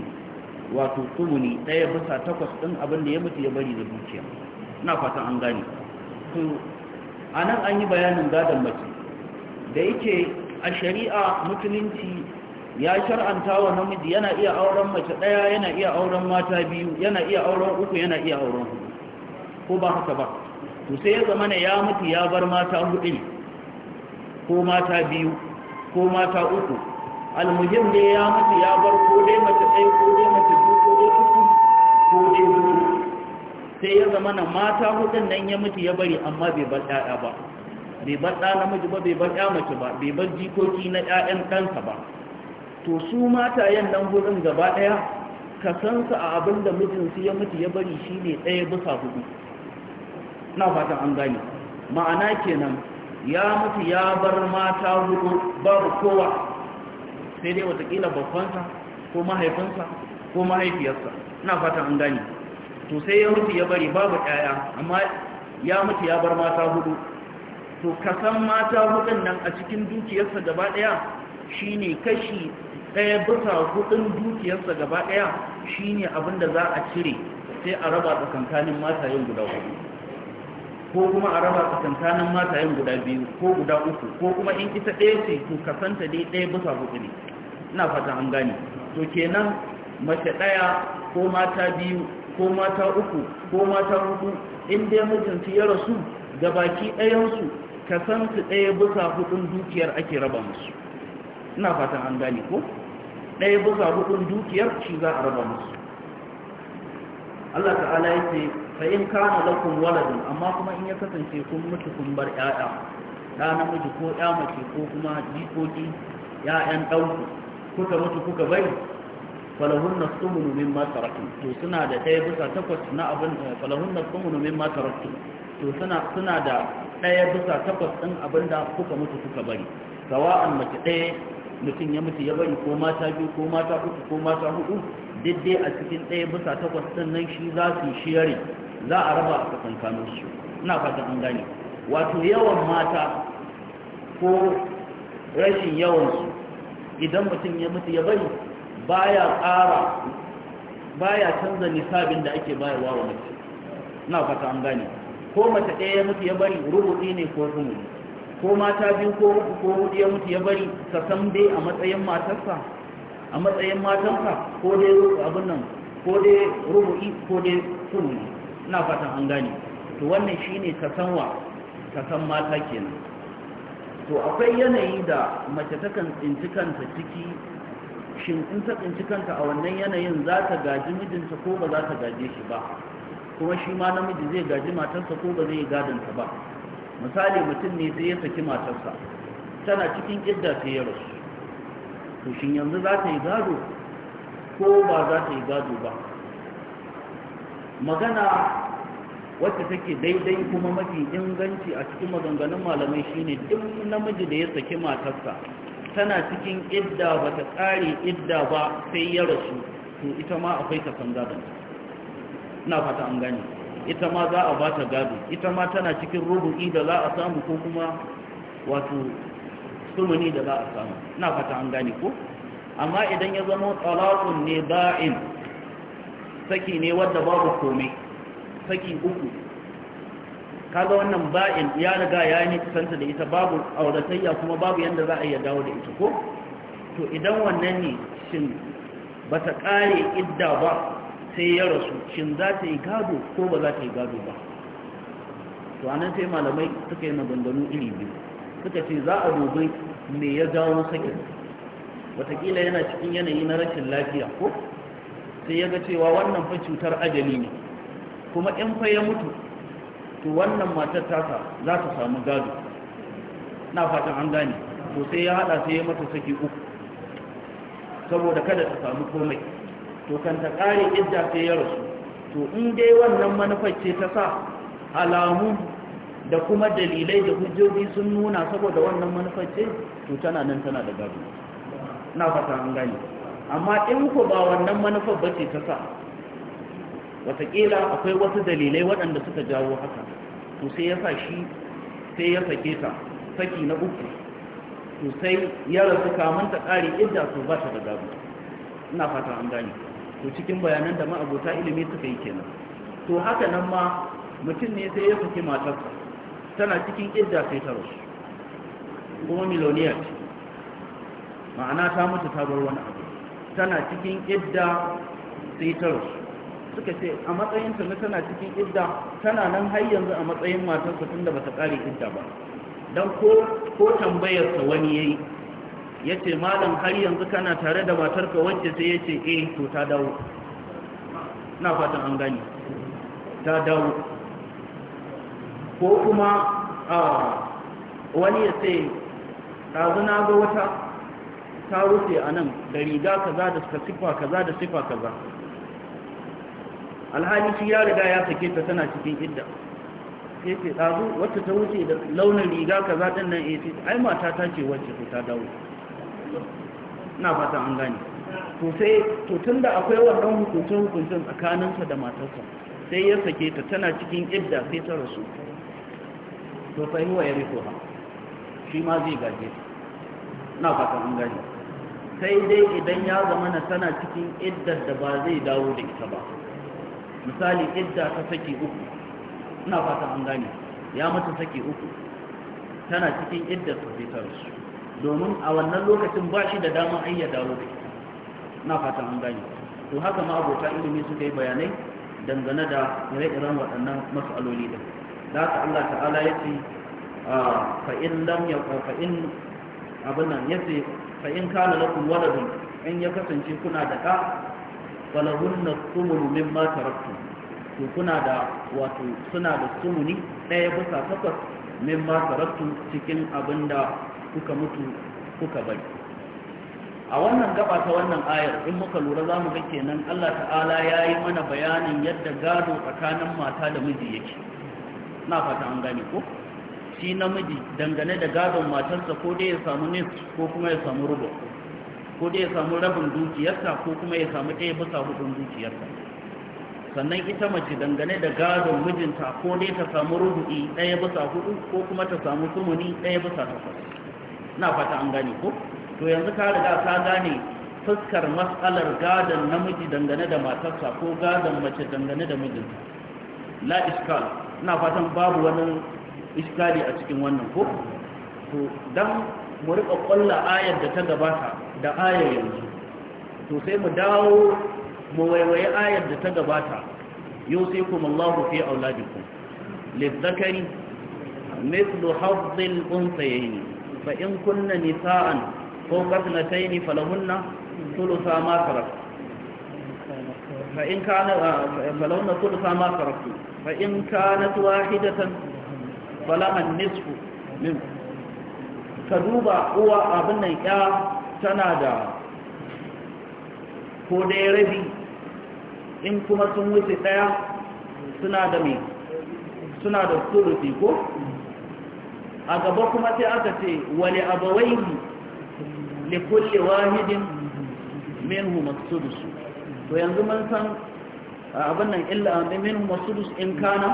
wato tsumuni ɗaya bisa takwas ɗin abin da ya mutu ya bari da dukiya na fatan an gane to a nan an yi bayanin gadon mace da yake a shari'a musulunci ya shar'anta wa namiji yana iya auren mace ɗaya yana iya auren mata biyu yana iya auren uku yana iya auren hudu ko ba haka ba to sai ya zama ya mutu ya bar mata hudu ne ko mata biyu ko mata uku almuhim ne ya mutu ya bar ko dai mace ɗaya ko dai mace biyu ko dai uku ko dai biyu sai ya zama na mata hudun nan ya mutu ya bari amma bai bar ɗaya ba bai bar ɗa namiji ba bai bar ɗa mace ba bai bar jikoki na ɗayan ɗansa ba to su yan nan gurin gaba ɗaya ka san su a abin da mijinsu ya mutu ya bari shine ɗaya bisa hudu na fatan an gani. ma'ana kenan ya mutu ya bar mata hudu babu kowa sai dai watakila babbansa ko mahaifinsa ko mahaifiyarsa na fatan an gani. to sai ya mutu ya bari babu ɗaya amma ya mutu ya bar mata hudu to kasan mata hudun nan a cikin dukiyarsa gaba ɗaya shine kashi ɗaya bisa hudun dukiyarsa gaba ɗaya shine abin da za a cire sai a raba tsakankanin mata yin guda hudu ko kuma a raba su tantanin matayen guda biyu ko guda uku ko kuma in isa ɗaya ce to kasanta dai ɗaya bisa hudu ne ina fata an gane to kenan mace ɗaya ko mata biyu ko mata uku ko mata hudu in dai mutunci ya rasu ga baki ɗayansu kasanta ɗaya bisa hudun dukiyar ake raba musu ina fatan an gane ko ɗaya bisa hudun dukiyar shi za a raba musu Allah ta'ala yake fa in kana lakum waladun amma kuma in ya kasance kun mutu kun bar 'ya'ya. da namiji ko 'ya mace ko kuma jikoki 'ya'yan ɗauki, kuka mutu kuka bari falahunna sumunu ma taraktum to suna da ɗaya bisa takwas na abin eh, falahunna sumunu ma taraktum to suna suna da ɗaya bisa takwas ɗin abin da kuka mutu kuka bari sawa'an mace ɗaya mutum ya mutu ya bari ko mata biyu ko mata uku ko mata hudu duk dai a cikin ɗaya bisa takwas ɗin nan shi za su yi shiyarin za a raba a tsakankanin su ina fatan an gane wato yawan mata ko rashin yawan su idan mutum ya mutu ya bari baya ƙara baya canza nisabin da ake bayarwa wa mutum, ina fata an gane ko mace ɗaya ya mutu ya bari rubuɗi ne ko rumu ko mata biyu ko uku ko hudu ya mutu ya bari ka san dai a matsayin matarsa a matsayin matanka ko dai abin nan ko dai rubu'i ko dai sunni ina fatan an gani to wannan shine ka sanwa ka san mata kenan to akwai yanayi da mace ta kan tsinci kanta ciki shin in ta tsinci kanta a wannan yanayin za ta gaji mijinta ko ba za ta gaje shi ba kuma shi ma namiji zai gaji matarsa ko ba zai ta ba misali mutum ne sai ya saki matarsa tana cikin idda sai ya rasu to shin yanzu za ta yi gado ko ba za ta yi gado ba magana wacce take daidai kuma mafi inganci a cikin maganganun malamai shine duk namiji da ya saki matarsa tana cikin idda ba ta tsari idda ba sai ya rasu to ita ma akwai san gado ina fata an gane ita ma za a ba ta gado ita ma tana cikin rubu'i da za a samu ko kuma wato sumuni da za a samu ina fata an gane ko amma idan ya zama talaqun ne ba'in saki ne wanda babu komai saki uku kaga wannan ba'in ya riga ya yi kusanta da ita babu auratayya kuma babu yadda za a iya dawo da ita ko to idan wannan ne shin ba ta kare idda ba sai ya rasu shin za ta yi gado ko ba za ta yi gado ba to anan sai malamai suka yi maganganu iri biyu suka ce za a dubi me ya jawo sakin watakila yana cikin yanayi na rashin lafiya ko sai ya ga cewa wannan fa cutar ajali ne kuma in fa ya mutu to wannan matar tasa za ta samu gado na fatan an gane to sai ya hada sai ya mata saki uku saboda kada ta samu komai to kan ta kare idda sai ya rasu to in dai wannan manufar ce ta sa alamu da kuma dalilai da hujjoji sun nuna saboda wannan manufar ce to tana nan tana da gado na fata an gane amma in ku ba wannan manufar bace ta sa wataƙila akwai wasu dalilai waɗanda suka jawo haka to sai ya sa shi sai ya sake ta saki na uku to sai ya rasu kamun ta ƙari idda su ba ta da gado ina fata an gane to cikin bayanan da ma'abota ilimi suka yi kenan to haka nan ma mutum ne sai ya saki matarsa tana cikin idda sai ta rasu kuma miloniya ce ma'ana ta mutu ta bar wani abu tana cikin idda sai ta rasu suka ce a matsayinta na tana cikin idda tana nan har yanzu a matsayin matarsa tun da bata kare idda ba don ko tambayar tambayarsa wani yayi yace ce malam har yanzu kana tare da matarka wacce sai ya ce eh to ta dawo na fatan an gani ta dawo ko kuma wani ya ce ɗazu na ga wata Ta rufe a nan da riga kaza da sifa kaza da sifa kaza alhali shi ya riga ya sake ta tana cikin idda sai ce ɗazu wacce ta wuce da launin riga kaza ɗin nan ya eh, ai mata ta ce wacce ko ta dawo na fata an gane to sai to tun da akwai wannan hukuncin hukuncin tsakaninsa da matarsa sai ya sake ta tana cikin idda sai ta rasu to fa yi wa ya riko ha shi ma zai gaje na fata an gane sai dai idan ya zama na tana cikin iddar da ba zai dawo da ita ba misali idda ta saki uku ina fata an gane ya mata saki uku tana cikin iddar ta fitar su domin a wannan lokacin ba shi da dama ai ya dawo da ita ina fata an gane to haka ma abota ilimi suka yi bayanai dangane da ire-iren waɗannan matsaloli da za haka Allah ta'ala ya ce ah, fa'in lam ya fa'in abin nan ya ce fa in kana lakum waladun in ya kasance kuna da ɗa falahunna sumunu mimma taraktu to kuna da wato suna da sumuni daya bisa takwas mimma taraktu cikin abinda kuka mutu kuka bari a wannan gaba ta wannan ayar in muka lura za mu ga kenan Allah ta'ala ya yi mana bayanin yadda gado tsakanin mata da miji yake na fata an gane ko shi namiji dangane da gadon matarsa ko dai ya samu nis ko kuma ya samu rubu ko dai ya samu rabin dukiyarsa ko kuma ya samu ɗaya bisa hudun dukiyarsa sannan ita mace dangane da gadon mijinta ko dai ta samu rubu'i ɗaya bisa hudu ko kuma ta samu sumuni ɗaya bisa takwas na fata an gane ko to yanzu ka riga ka gane fuskar matsalar gadon namiji dangane da matarsa ko gadon mace dangane da mijinta la iskal na fatan babu wani iskali a cikin wannan ko to dan mu riƙa ƙwalla ayar da ta gabata da ayar yanzu to sai mu dawo mu waiwaye ayar da ta gabata yau sai kuma Allahu fi auladikum lizzakari mithlu hazzil unsayayn fa in kunna nisaan fawqa thnatayn falahunna thulutha ma tarak fa in kana falahunna thulutha ma tarak fa in kanat wahidatan falahan nisfu min ka duba uwa abin nan ya tana da ko ya rabi in kuma sun wuce ɗaya suna da mai suna da surufi ko a gaba kuma sai aka ce wale abawaihi likulli wahidin minhu su. to yanzu mun san abin nan illa min masudus in kana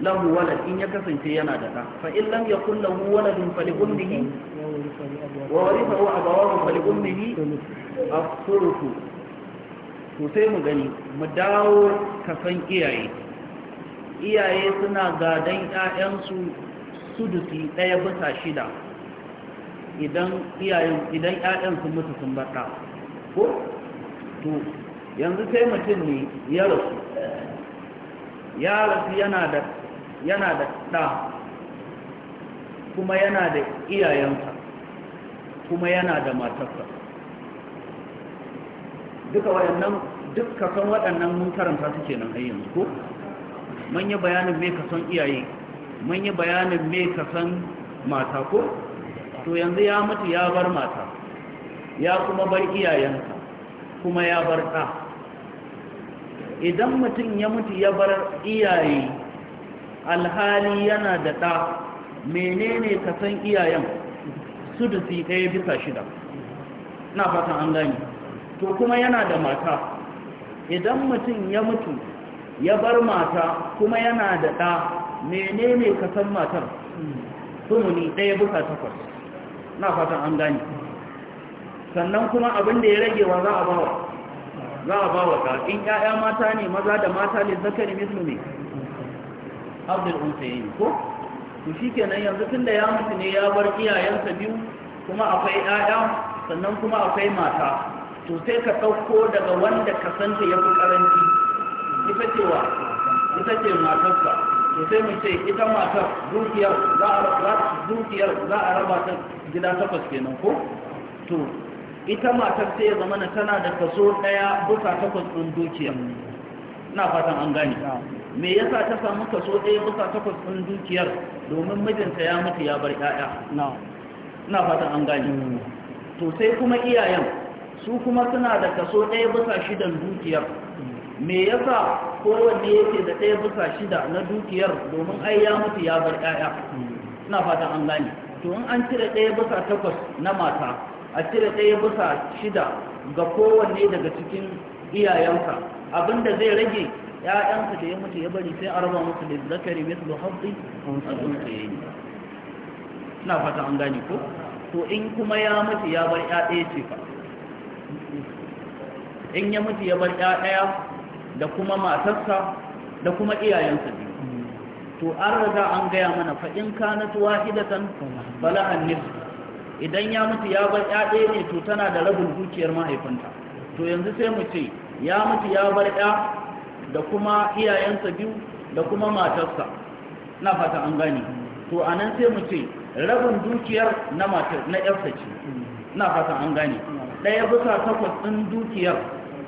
lahu walad in ya kasance yana da ɗa fa in lam yakul lahu waladun falibun li ummihi wa warithahu abawahu fa falibun ummihi a sulhu to sai mu gani mu dawo kasan iyaye iyaye suna gadan ƴaƴansu sudusi ɗaya bisa shida idan iyayen idan ƴaƴan sun mutu sun bata ko to yanzu sai mutum ne ya rasu ya rasu yana da yana da ɗa kuma yana da iyayensa kuma yana da matarsa duka waɗannan duk kasan waɗannan mun karanta su ke nan yanzu ko manya bayanin me kasan iyaye manya bayanin me kasan mata ko to yanzu ya mutu ya bar mata ya kuma bar iyayensa kuma ya bar ɗa idan mutum ya mutu ya bar iyaye alhali yana da ɗa menene ka san iyayen su sudusi ɗaya bisa shida na fatan an gani to kuma yana da mata idan mutum ya mutu ya bar mata kuma yana da ɗa menene ka san matar tumuni ɗaya bisa takwas na fatan an gani sannan kuma abin da ya rage wa za a bawa za a ba wa ka in ƴaƴa mata ne maza da mata ne zakari mislu ne abdul unsayin ko to nan yanzu Tun da ya mutu ne ya bar iyayensa biyu kuma akwai ƴaƴa sannan kuma akwai mata to sai ka ɗauko daga wanda ka santa ya fi karanci ita ce wa ita ce matarsa to sai mu ce ita matar dukiyar za a raba ta gida takwas kenan ko to ita matar sai ya zama na tana da kaso ɗaya bisa takwas ɗin dukiya na fatan an gane me yasa ta samu kaso ɗaya bisa takwas ɗin dukiyar domin mijinta ya mutu ya bar ƴaƴa na fatan an gane hmm. to sai kuma iyayen su kuma suna da kaso ɗaya bisa shidan dukiyar hmm. me yasa kowanne yake da ɗaya bisa shida na dukiyar domin ai ya mutu ya bar ƴaƴa hmm. na fatan an gane to in an cire ɗaya bisa takwas na mata a cire ɗaya bisa shida ga kowanne daga cikin iyayensa abinda zai rage ‘ya'yansa da ya mutu ya bari sai a raba musu da zakari mai tsoro hafi a yi na fata an gani ko to in kuma ya mutu ya bar ‘ya ɗaya ce fa in ya mutu ya bar ‘ya ɗaya da kuma matarsa da kuma iyayensa biyu to an raga an gaya mana fa'in kanatuwa hidatan balahan nisa idan ya mutu ya bar ɗaya ne to tana da rabin dukiyar mahaifinta to yanzu sai mu ce ya mutu ya bar ƴa da kuma iyayensa biyu da kuma matarsa na fata an gane to anan sai mu ce rabin dukiyar na matar na ƴarsa ce na fata an gane ɗaya bisa takwas ɗin dukiyar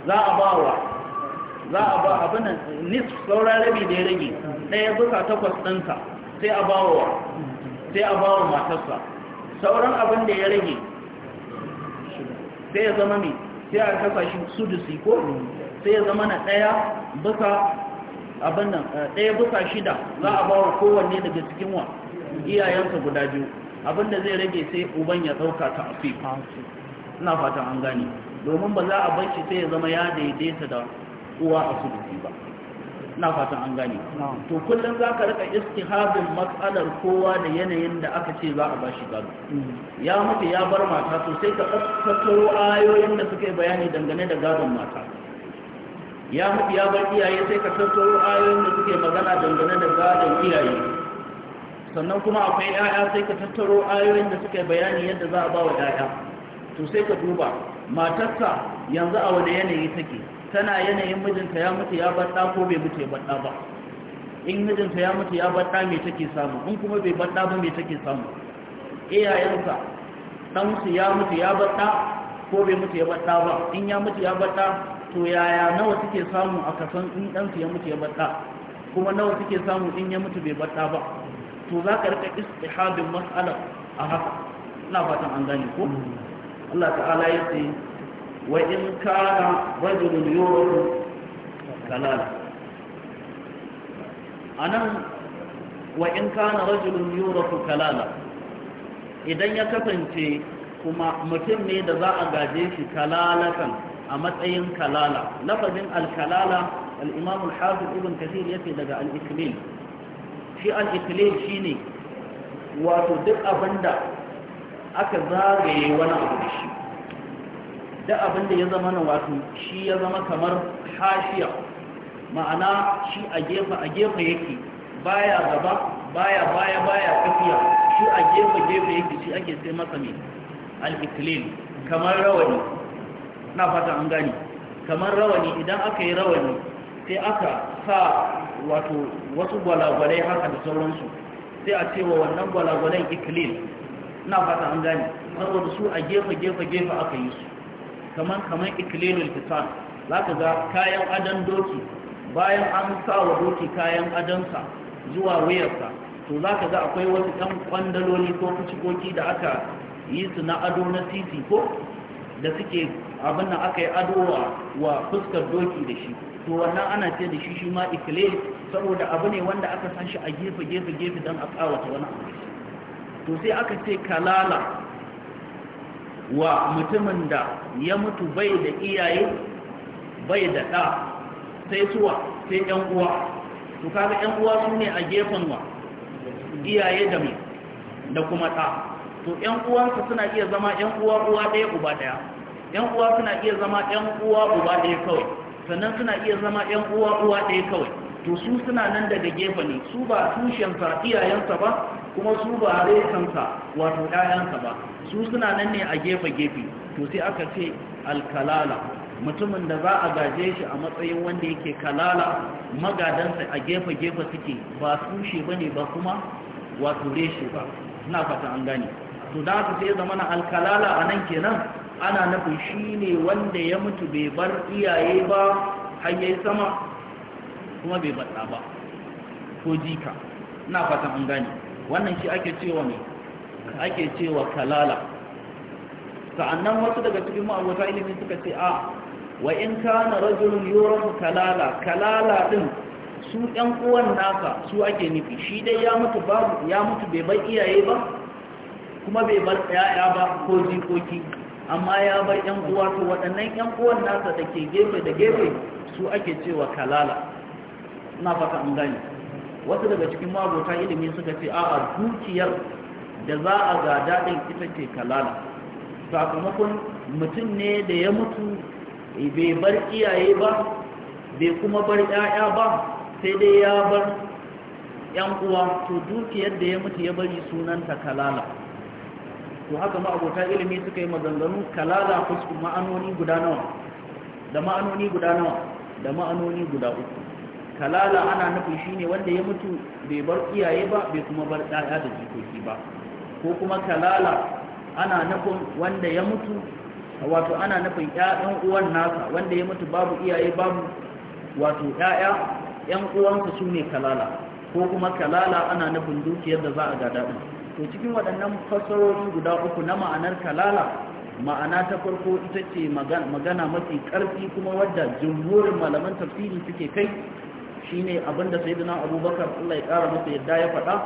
za a ba wa za a ba abin nis sauran rabi da ya rage ɗaya bisa takwas ɗinsa sai a ba wa sai a ba wa matarsa sauran abin da ya rage sai ya zama ne sai a kasa shi sudusi ko sai ya zama na ɗaya bisa abin nan eh, ɗaya bisa shida za a ba wa kowanne daga cikin wa iyayensa guda biyu abin da zai rage sai uban ya ɗauka ta afi ina fatan an gane domin ba za a bar shi sai ya zama ya daidaita da uwa a sudusi ba na fatan an gane to kullum za ka rika istihabin matsalar kowa da yanayin da aka ce za a ba shi gado mm. ya mutu ya bar mata to sai ka tattaro ayoyin da suka yi bayani dangane da gadon mata ya mutu ya bar iyaye sai ka tattaro ayoyin da suke magana dangane da gadon iyaye sannan kuma akwai 'ya'ya sai ka tattaro ayoyin da suka yi bayani yadda za a ba wa 'ya'ya to sai ka duba matarsa yanzu a wani yanayi take tana yanayin mijinta ya mutu ya baɗa ko bai mutu ya baɗa ba in mijinta ya mutu ya baɗa mai take samu in kuma bai baɗa ba mai take samu iyayensa ɗansu ya mutu ya baɗa ko bai mutu ya baɗa ba in ya mutu ya baɗa to yaya nawa suke samu a kasan in ɗansu ya mutu ya baɗa kuma nawa suke samu in ya mutu bai baɗa ba to za ka rika istihadin mas'alar a haka ina fatan an gane ko mm. Allah ta'ala ya ce وإن كان رجل يورث كلالة أنا وإن كان رجل يورث كلالة idan ya kasance kuma mutum ne da za a gaje shi kalalatan a matsayin kalala lafazin alkalala al'imam al-hafiz ibn kasir yake daga al-iklil shi al-iklil shine wato duk abinda aka zagaye wani abu da abin da ya zama na wato shi ya zama kamar hashiya ma'ana shi a gefe a gefe yake baya gaba baya baya baya kafiya shi a gefe gefe yake shi ake sai masa mai al-iklil kamar rawani na fata an gani kamar rawani idan aka yi rawani sai aka sa wato wasu gwalagwalai haka da sauransu sai a cewa wannan gwalagwalai iklil na fata an gani saboda su a gefe gefe gefe aka yi su kaman kaman iklinul fitan za ka ga kayan adon doki bayan an sa wa doki kayan adonsa zuwa wuyarsa to za ka ga akwai wasu ɗan kwandaloli ko kucikoki da aka yi su na ado na titi ko da suke abin da aka yi ado wa fuskar doki da shi to wannan ana ce da shi shi ma ikile saboda abu ne wanda aka san shi a gefe gefe gefe don a kawata wani abu to sai aka ce kalala wa mutumin da ya mutu bai da iyaye bai da ɗa sai suwa sai ƴan uwa to kaga ƴan uwa su ne a gefen wa iyaye da mai da kuma ɗa to ƴan uwansa suna iya zama ƴan uwa uwa ɗaya uba ɗaya ƴan uwa suna iya zama ƴan uwa uba ɗaya kawai sannan suna iya zama ƴan uwa uwa ɗaya kawai to su suna nan daga gefe ne su ba tushensa iyayensa ba kuma su ba resansa wato ɗayansa ba su suna nan ne a gefe-gefe to sai aka ce alkalala mutumin da za a gaje shi a matsayin wanda yake kalala magadansa a gefe-gefe suke ba tushe ba ne ba kuma wato reshe ba na fata an gane to da aka sai zama na alkalala a nan kenan ana nufin shi ne wanda ya mutu bai bar iyaye ba har sama kuma bai batsa ba ko jika ina fata an gane wannan shi ake cewa ne ake cewa kalala sa'annan wasu daga cikin ma'abota ilimin suka ce a wa in kana rajulun yurafu kalala kalala din su ɗan uwan naka su ake nufi shi dai ya mutu ya mutu bai bar iyaye ba kuma bai bar yaya ba ko jikoki amma ya bar ƴan uwa to waɗannan ƴan uwan nasa da ke gefe da gefe su ake cewa kalala ina fata an gani wasu daga cikin mabota ilimi suka ce a'a dukiyar da za a ga daɗin ita ce kalala sakamakon mutum ne da ya mutu bai bar iyaye ba bai kuma bar 'ya'ya ba sai dai ya bar 'yan uwa to dukiyar da ya mutu ya bari sunanta kalala to haka ma'abota ilimi suka yi maganganu kalala kuskun ma'anoni guda nawa da ma'anoni guda nawa da ma'anoni guda uku talala ana nufin shine wanda ya mutu bai bar iyaye ba bai kuma bar ɗaya da jikoki ba ko kuma talala ana nufin wanda ya mutu wato ana nufin ƴaƴan uwan nasa wanda ya mutu babu iyaye babu wato ƴaƴa ƴan uwansa su ne kalala ko kuma kalala ana nufin dukiyar da za a ga daɗin to cikin waɗannan fasarori guda uku na ma'anar kalala ma'ana ta farko ita ce magana mafi ƙarfi kuma wadda jumhurin malaman tafsiri suke kai shine abinda sayyidina abubakar Allah ya kara masa yadda ya faɗa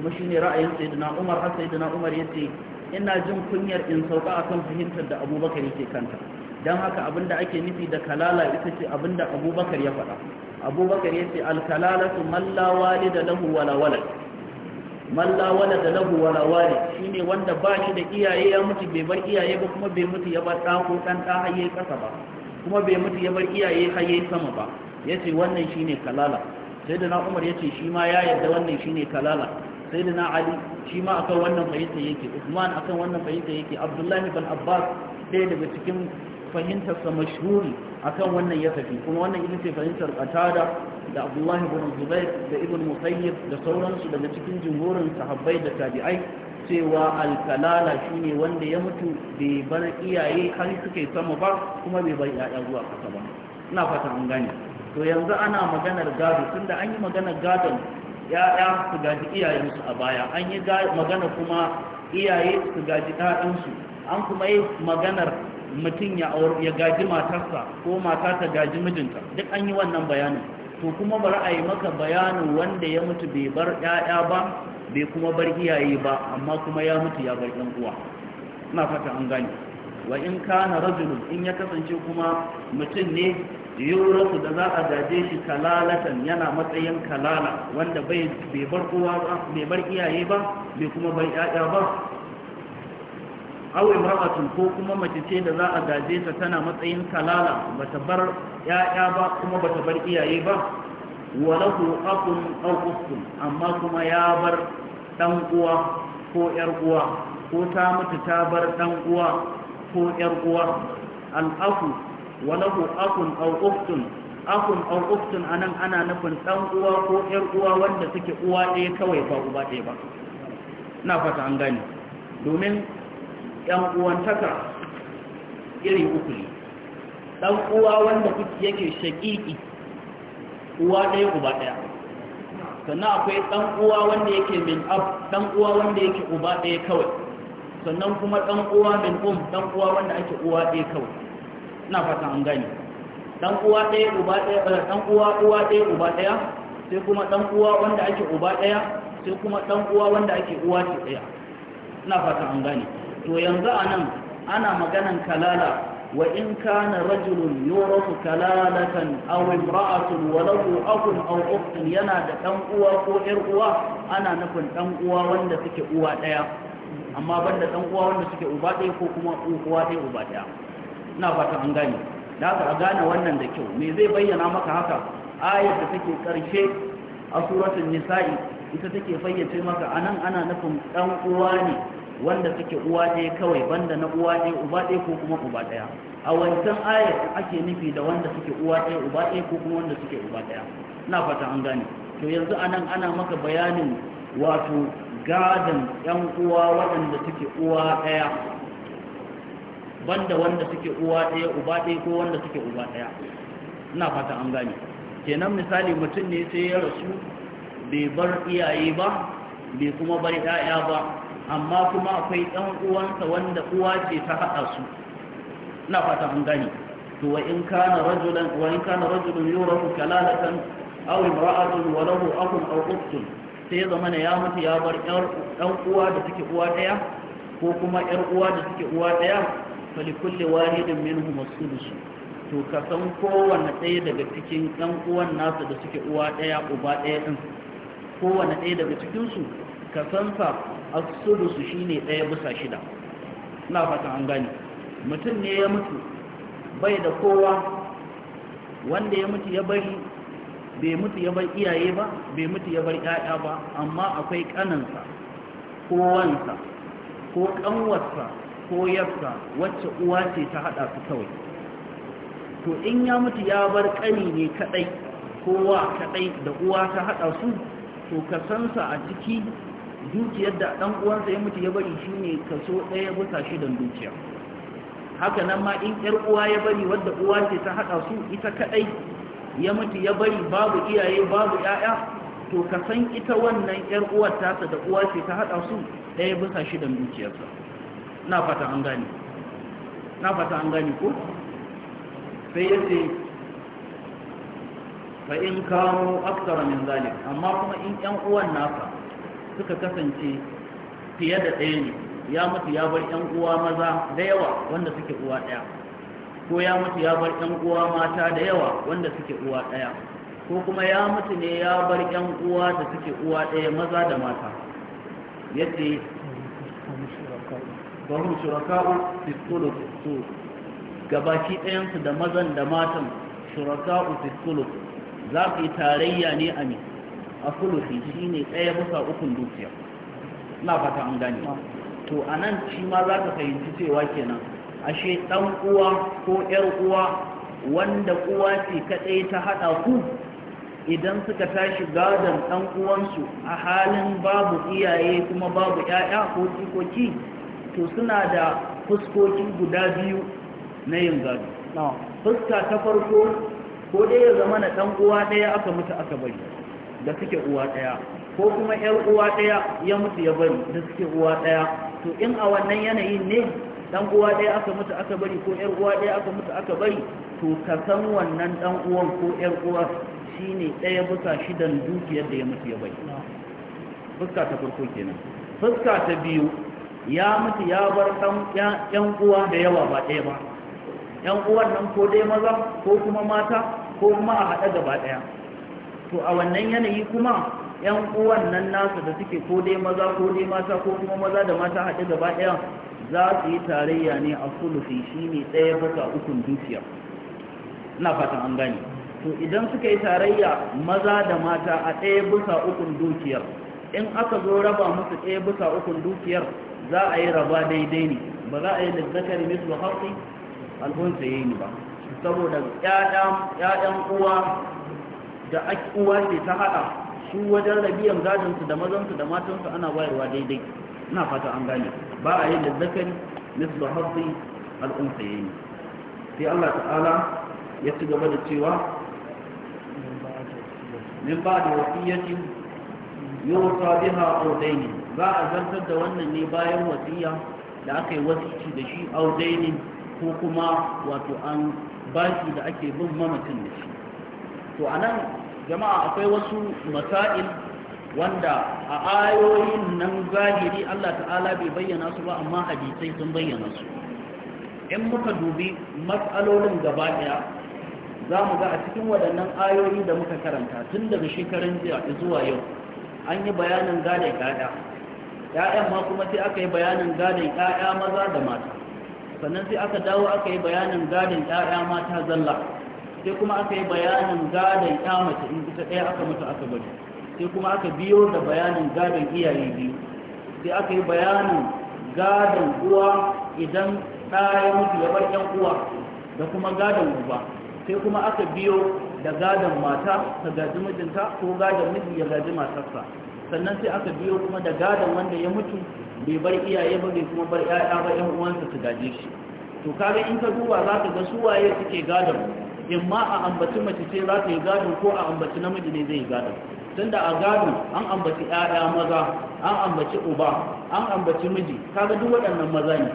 kuma shine ra'ayin sayyidina umar har sayyidina umar ce, ina jin kunyar in sauka akan fahimtar da abubakar yake kanta don haka abinda ake nufi da kalala ita ce abinda abubakar ya faɗa abubakar ya ce alkalalatu mallawali da lahu walawalad mallawala da lahu walawali shi ne wanda ba shi da iyaye ya mutu bai bar iyaye ba kuma bai mutu ya bar ɗa ko ɗan ɗa haye ƙasa ba kuma bai mutu ya bar iyaye haye sama ba yace wannan shine kalala sai da na umar yace shi ma ya yarda wannan shine kalala sai da na ali shi ma akan wannan fahimta yake usman akan wannan fahimta yake abdullahi bin abbas ɗaya daga cikin fahimtarsa sa mashhuri akan wannan ya tafi kuma wannan ita ce fahimtar qatada da abdullahi bin zubair da ibn musayyib da sauransu daga cikin jumhurin sahabbai da tabi'ai cewa alkalala shine wanda ya mutu bai bar iyaye har suke sama ba kuma bai bar 'ya'ya zuwa kasa ba ina fata an gane to yanzu ana maganar gado tunda an yi maganar gadon ya'ya su gaji iyayensu a baya an yi magana kuma iyaye su gaji ɗaɗinsu an kuma yi maganar mutum ya gaji matarsa ko mata ta gaji mijinta duk an yi wannan bayanin to kuma bari a yi maka bayanin wanda ya mutu bai bar ƴaƴa ba bai kuma bar iyaye ba amma kuma ya mutu ya bar 'yan uwa Ina fata an gane wa in kana rajulun in ya kasance kuma mutum ne yurasu da za a gaje shi kalalatan yana matsayin kalala wanda bai bar uwa ba bai bar iyaye ba bai kuma bar yaya ba awai imra'atun ko kuma mace ce da za a gaje ta tana matsayin kalala bata bar yaya ba kuma bata bar iyaye ba wa akun aw amma kuma ya bar dan uwa ko yar uwa ko ta mutu ta bar dan uwa ko yar uwa al walahu akun aw uftun akun aw uftun anan ana nufin dan uwa ko yar uwa wanda suke uwa ɗaya kawai ba uba ɗaya ba na fata an gane domin yan uwantaka iri uku ne dan uwa wanda kuke yake shaƙiƙi uwa ɗaya uba ɗaya sannan akwai dan uwa wanda yake min ab dan uwa wanda yake uba ɗaya kawai sannan kuma dan uwa min um dan uwa wanda ake uwa ɗaya kawai ina fata an gani dan uwa ɗaya uba ɗaya eh, dan uwa uwa ɗaya uba ɗaya sai kuma dan uwa wanda ake uba ɗaya sai kuma dan uwa wanda ake uwa ce ɗaya ina fata an gani to yanzu anan ana maganan kalala wa in kana rajulun yurasu kalalatan aw imra'atun wa lahu akhun aw ukhtun yana da dan uwa ko ƴar uwa ana nufin dan uwa wanda suke uwa ɗaya amma banda dan uwa wanda suke uba ɗaya ko kuma uwa ɗaya uba ɗaya ina fatan an gane da aka a gane wannan da kyau me zai bayyana maka haka ayar da take karshe a suratul nisa'i ita take fayyace maka anan ana nufin dan uwa ne wanda take uwa ɗaya kawai banda na uwa ɗaya uba ɗaya ko kuma uba ɗaya a wancan ayar ake nufi da wanda suke uwa ɗaya uba ɗaya ko kuma wanda suke uba ɗaya ina fata an gane to yanzu anan ana maka bayanin wato gadon yan uwa waɗanda suke uwa ɗaya da wanda suke uwa ɗaya uba ɗaya ko wanda suke uba ɗaya ina fata an gane kenan misali mutum ne sai ya rasu bai bar iyaye ba bai kuma bar ƴaƴa ba amma kuma akwai ɗan uwansa wanda uwa ce ta haɗa su ina fata an gane to wa in kana rajulan wa in kana rajulun yurahu kalalatan aw imra'atun wa lahu akhun aw ukhtun sai ne ya mutu ya bar ɗan uwa da suke uwa ɗaya ko kuma ‘yar uwa da suke uwa ɗaya falikulli wahidin minhum as-sudus to ka san kowanne ɗaya daga cikin ɗan uwan nasu da suke uwa ɗaya uba ɗaya ɗin kowanne ɗaya daga cikin su ka san fa as-sudus shine ɗaya bisa shida ina fatan an gane mutum ne ya mutu bai da kowa wanda ya mutu ya bari bai mutu ya bar iyaye ba bai mutu ya bar ƴaƴa ba amma akwai ƙanansa ko wansa ko ƙanwarsa ko wacce uwa ce ta hada su kawai to in ya mutu ya bar ƙani ne kadai kowa kadai da uwa ta hada su to ka sansa a ciki dukiyar da dan uwansa ya mutu ya bari shi kaso ɗaya bisa shidan dukiya haka nan ma in yar uwa ya bari wadda uwa ce ta hada su ita kadai ya mutu ya bari babu iyaye babu 'ya'ya to ka san ita wannan yar uwar ta da uwa ce ta hada su ɗaya bisa shidan dukiyarsa na fata an gani na fata an gani ko sai ya ce fa in kawo aksara min zalik amma kuma in yan uwan nasa suka kasance fiye da ɗaya ne ya mutu ya bar yan uwa maza da yawa wanda suke uwa ɗaya ko ya mutu ya bar yan uwa mata da yawa wanda suke uwa ɗaya ko kuma ya mutu ne ya bar yan uwa da suke uwa ɗaya maza da mata yace wa shuraka'u fi suluk su gabaki ɗayan su da mazan da matan shuraka'u fi suluk za ku yi tarayya ne a ne a shine ɗaya bisa ukun dukiya na fata an gane to anan shi ma za ka fahimci cewa kenan ashe ɗan uwa ko ƴar uwa wanda uwa ce kaɗai ta haɗa ku idan suka tashi gadon ɗan uwansu a halin babu iyaye kuma babu ƴaƴa ko jikoki to suna da fuskoki guda biyu na yin gado fuska ta farko ko dai ya zama na ɗan uwa ɗaya aka mutu aka bari da suke uwa ɗaya ko kuma ‘yar uwa ɗaya ya mutu ya bari da suke uwa ɗaya to in a wannan yanayin ne ɗan uwa ɗaya aka mutu aka bari ko ‘yar uwa ɗaya aka mutu aka bari to ka san wannan ɗan uwan ko ‘yar uwa shi ne ɗaya bisa shidan dukiyar da ya mutu ya bari fuska ta farko kenan fuska ta biyu ya mutu ya bar ɗan uwa da yawa ba ɗaya ba ‘yan uwan nan ko dai maza ko kuma mata ko kuma a haɗa gaba ɗaya to a wannan yanayi kuma ‘yan uwan nan nasu da suke ko dai maza ko dai mata ko kuma maza da mata haɗe gaba ɗaya za su yi tarayya ne a sulufi shi ne ɗaya baka ukun dukiya na fatan an gani to idan suka yi tarayya maza da mata a ɗaya bisa ukun dukiyar in aka zo raba musu ɗaya bisa ukun dukiyar za a yi raba daidai ne ba za a yi da zakari mislu haƙi alhunsa ya yi ba saboda ƴaƴan uwa da uwa ce ta haɗa su wajen rabiyan gadonsu da mazansu da matansu ana wayarwa daidai na fata an gane ba a yi da zakari mislu haƙi alhunsa ya yi sai Allah ta'ala ya ci gaba da cewa min ba da wasiyyatin yau ta ko aw dainin za a zartar da wannan ne bayan wasiya da aka yi wasici da shi audainin ko kuma wato an bashi da ake bin mamacin da shi to a nan jama'a akwai wasu masail wanda a ayoyin nan zahiri Allah ta'ala bai bayyana su ba amma hadisai sun bayyana su in muka dubi matsalolin gaba daya za mu ga a cikin waɗannan ayoyi da muka karanta tun daga shekarun jiya zuwa yau an yi bayanin gane gada ya'yan ma kuma sai aka yi bayanin gadin yaya maza da mata sannan sai aka dawo aka yi bayanin gadin yaya mata zalla sai kuma aka yi bayanin gadin ƴa mace in ita ɗaya aka mutu aka bari sai kuma aka biyo da bayanin gadin iyaye biyu sai aka yi bayanin gadin uwa idan ɗa ya mutu ya bar ƴan uwa da kuma gadin uba sai kuma aka biyo da gadin mata ta gaji mijinta ko gadin miji ya gaji matarsa sannan sai aka biyo kuma da gadon wanda ya mutu bai bar iyaye ba bai kuma bar ƴaƴa ba ƴan uwansa su gaje shi to kaga in ka duba za ka ga su waye suke gadon in ma a ambaci mace ce za ta yi gadon ko a ambaci namiji ne zai yi gadon tunda a gadon an ambaci ƴaƴa maza an ambaci uba an ambaci miji kaga duk waɗannan maza ne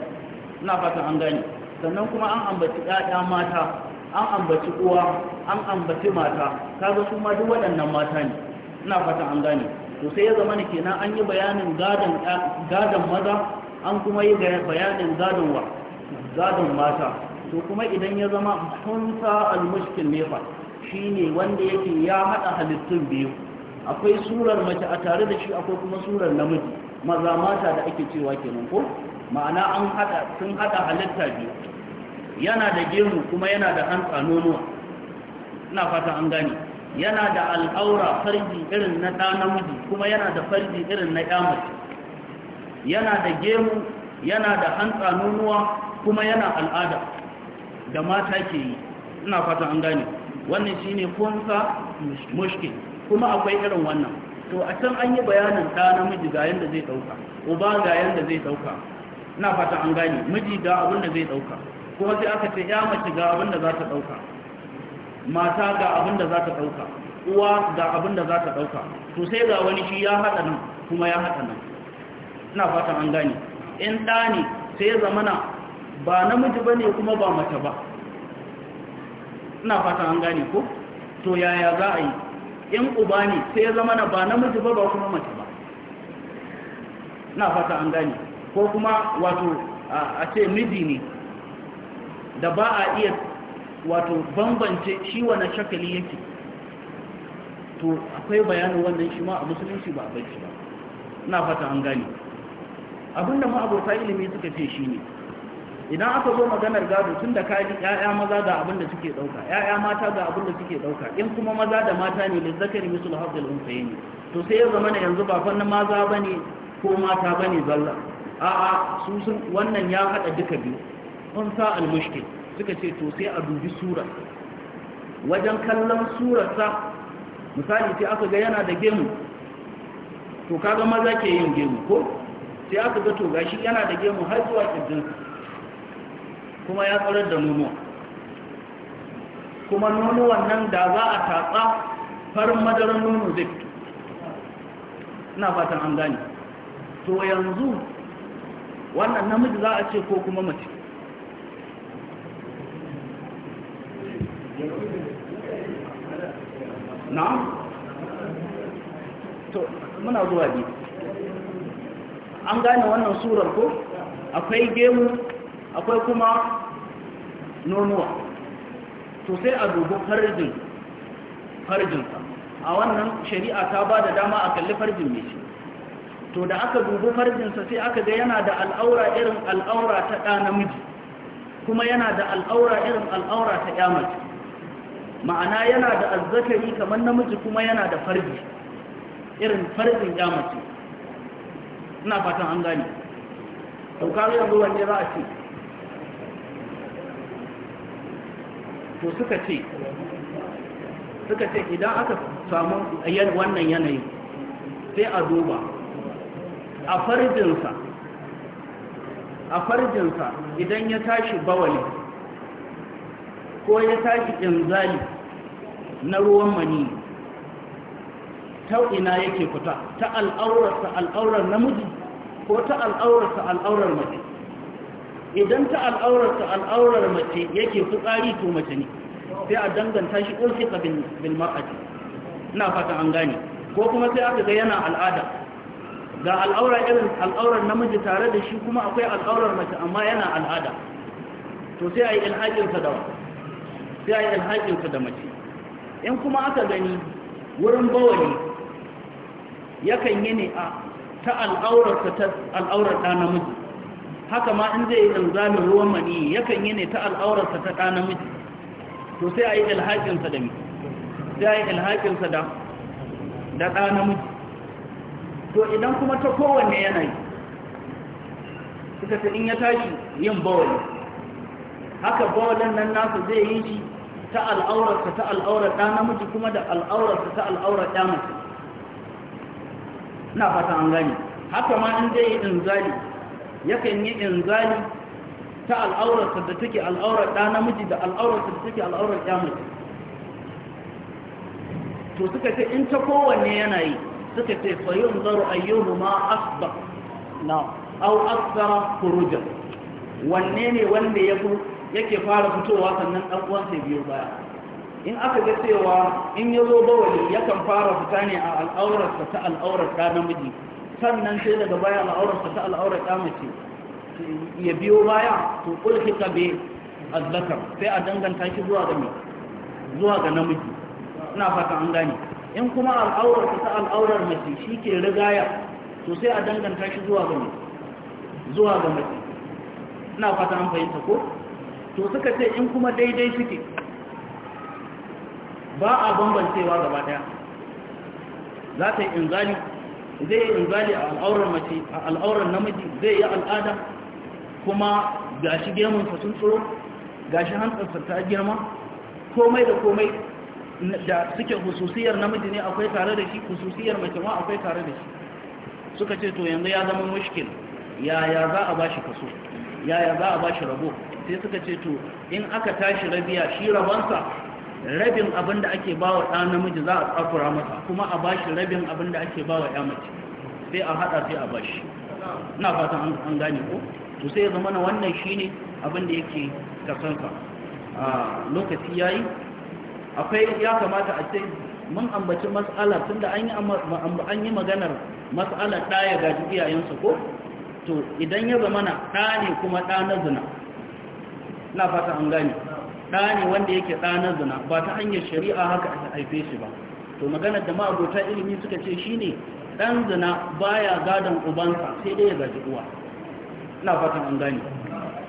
ina fatan an gane sannan kuma an ambaci ƴaƴa mata an ambaci uwa an ambaci mata kaga su ma duk waɗannan mata ne ina fatan an gane to sai ya zama ne kenan an yi bayanin gadon maza an kuma yi bayanin gadon mata to kuma idan ya zama hunsa al-mushkil ne fa ne wanda yake ya haɗa halittun biyu akwai surar mace a tare da shi akwai kuma surar namiji maza mata da ake cewa kenan ko ma'ana an hada sun hada halitta biyu yana da gemu kuma yana da hantsa nono ina fata an gane yana da al'aura farji irin na ɗa namiji kuma yana da farji irin na ƴa mace yana da gemu yana da hantsa nonuwa kuma yana al'ada da mata ke yi ina fata an gane wannan shine kunsa mushkin kuma akwai irin wannan to a can an yi bayanin ɗa namiji ga yadda zai ɗauka uba ga yadda zai ɗauka ina fata an gane miji ga abin da zai ɗauka kuma sai aka ce ya mace ga abin da za ta ɗauka mata ga abin da za ta ɗauka uwa ga abin da za ta ɗauka to sai ga wani shi ya haɗa nan kuma ya haɗa nan ina fatan an gane in ɗa ne sai ya zamana ba namiji ba ne kuma ba mace ba ina fatan an gane ko to yaya za a yi in uba ne sai ya zamana ba namiji ba ba kuma mace ba ina fata an gane ko kuma wato a ce miji ne da ba a iya wato bambance shi wani shakali yake to akwai bayanin wannan shi ma a musulunci ba a bai ba na fata an gani abinda ma abota ilimi suka ce shi ne idan aka zo maganar gado tun da kaji ya'ya maza da abin da suke ɗauka ya'ya mata da abin da suke ɗauka in kuma maza da mata ne da zakari misul hafzal unsayi ne to sai ya zama na yanzu ba fannin maza ba ne ko mata ba ne zalla a'a su sun wannan ya haɗa duka biyu unsa al-mushkil suka ce to sai a dubi sura wajen kallon surarsa misali sai aka ga yana da gemu to kaga maza ke yin gemu ko sai aka ga to gashi yana da gemu har zuwa kirjin kuma ya tsarar da nono kuma nono wannan da za a tatsa farin madarar nono zai fito ina fatan an gane to yanzu wannan namiji za a ce ko kuma mace na? to muna zuwa ne an gane wannan surar ko akwai gemu akwai kuma nonuwa to sai a dubu farjin farjinsa a wannan shari'a ta ba da dama a kalli farjin mai to da aka dubu farjinsa sai aka ga yana da al'aura irin al'aura ta ɗa namiji kuma yana da al'aura irin al'aura ta ƴamaci ma'ana yana da azzakari kamar namiji kuma yana da farji irin farjin ya mace ina fatan an gane daukar yanzu wanne za a ce to suka ce suka ce idan aka samu wannan yanayi sai a duba a farjinsa a farjinsa idan ya tashi bawali ko ya tashi inzali na ruwan mani ta ina yake fita ta al'aurarsa al'aurar namiji ko ta al'aurarsa al'aurar mace idan ta al'aurarsa al'aurar mace yake fitsari to mace ne sai a danganta shi ulfika bil mar'ati ina fata an gane ko kuma sai aka ga yana al'ada ga al'aura irin al'aurar namiji tare da shi kuma akwai al'aurar mace amma yana al'ada to sai a yi ilhaƙinsa sai a yi ilhaƙinsa da mace in kuma aka gani wurin bawani yakan yi ne a ta al'aurarsa ta al'aurar ɗa namiji haka ma in zai yi zanzamin ruwan mani yakan yi ne ta al'aurarsa ta ɗa namiji to sai a yi ilhaƙinsa da mi sai a yi ilhaƙinsa da ɗa namiji to idan kuma ta kowane yanayi suka ta in ya tashi yin bawani, haka bawalin nan nasa zai yi shi ta al'aurarsa ta al'aurar ɗa namiji kuma da al'aurarsa ta al'aurar ɗa mace na fata an gani haka ma in zai yi inzali yakan yi inzali ta al'aurarsa da take al'aurar ɗa namiji da al'aurarsa da take al'aurar ɗa mace to suka ce in ta kowanne yanayi suka ce fa fayin zaru ayyuhu ma asba na au asbara furujan wanne ne wanda ya fi yake fara fitowa sannan ɗan uwansa biyo baya in aka ga cewa in ya zo bawali yakan fara fita ne a al'aurarsa ta al'aurar ɗa namiji sannan sai daga baya al'aurarsa ta al'aurar ɗa mace ya biyo baya to ka bi azzakar sai a danganta shi zuwa ga zuwa ga namiji ina fata an gane in kuma al'aurar ta al'aurar mace shi ke rigaya to sai a danganta shi zuwa ga zuwa ga mace ina fata an fahimta ko to suka ce in kuma daidai suke ba a bambancewa gaba daya za ta yi inzali zai yi inzali a al'auran mace a al'auran namiji zai yi al'ada kuma gashi gemunsa sun tsoro gashi hantsarsa ta girma komai da komai da suke hususiyar namiji ne akwai tare da shi hususiyar mace ma akwai tare da shi suka ce to yanzu ya zama mushkil yaya za a ba shi kaso yaya za a ba shi rabo sai suka ce to in aka tashi rabiya shi rabonsa rabin abin da ake ba wa ɗan namiji za a tsakura masa kuma a ba shi rabin abin da ake ba wa ya mace sai a haɗa sai a ba shi na fatan an gane ko to sai ya zama na wannan shi ne abin da yake kasanta a lokaci ya yi akwai ya kamata a ce mun ambaci matsala tun da an yi maganar matsala ɗaya ga iyayensa ko to idan ya zama na ɗa ne kuma ɗa na zina na fata an gani ɗa ne wanda yake ɗa na zina ba ta hanyar shari'a haka a haife shi ba to maganar da ma'abota ilimi suka ce shi ne ɗan zina baya gadon ubansa sai dai ya gaji uwa na fata an gani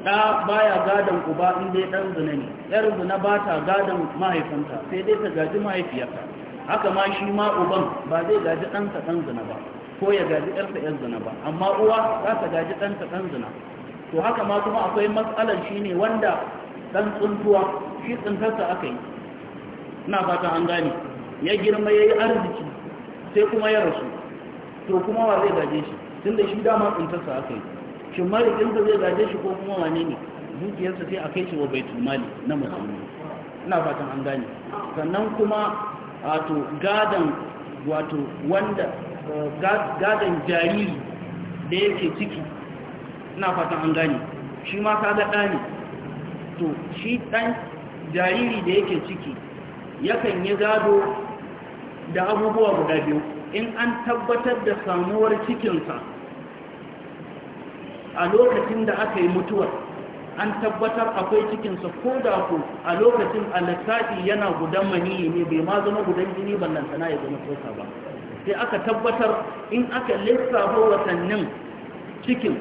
ɗa baya gadon uba in dai ɗan zina ne ƴar zina ba ta gadon mahaifinta sai dai ta gaji mahaifiyarta haka ma shi ma uban ba zai gaji ɗansa ɗan zina ba ko ya gaji ɗansa ɗan zina ba amma uwa za ta gaji ɗansa ɗan zina to haka ma kuma akwai matsalar shi ne wanda ɗan tsuntuwa shi tsuntarsa aka yi ina fata an gane ya girma ya yi arziki sai kuma ya rasu to kuma wa zai gaje shi tun da shi dama tsuntarsa aka yi shi marikinsa zai gaje shi ko kuma wane ne dukiyarsa sai a kai shi wa baitul mali na musamman, ina fatan an gane sannan kuma wato gadan wato wanda gadon jariri da yake ciki na fatan an gane shi ma ka gaɗa ne to shi ɗan jariri da yake ciki yakan yi gado da abubuwa guda biyu in an tabbatar da samuwar cikinsa a lokacin da aka yi mutuwar an tabbatar akwai cikinsa ko da ku a lokacin alasafi yana gudan maniyi ne bai ma zama gudan jini na ya zama tosa ba sai aka tabbatar in aka lissafa watannin cikin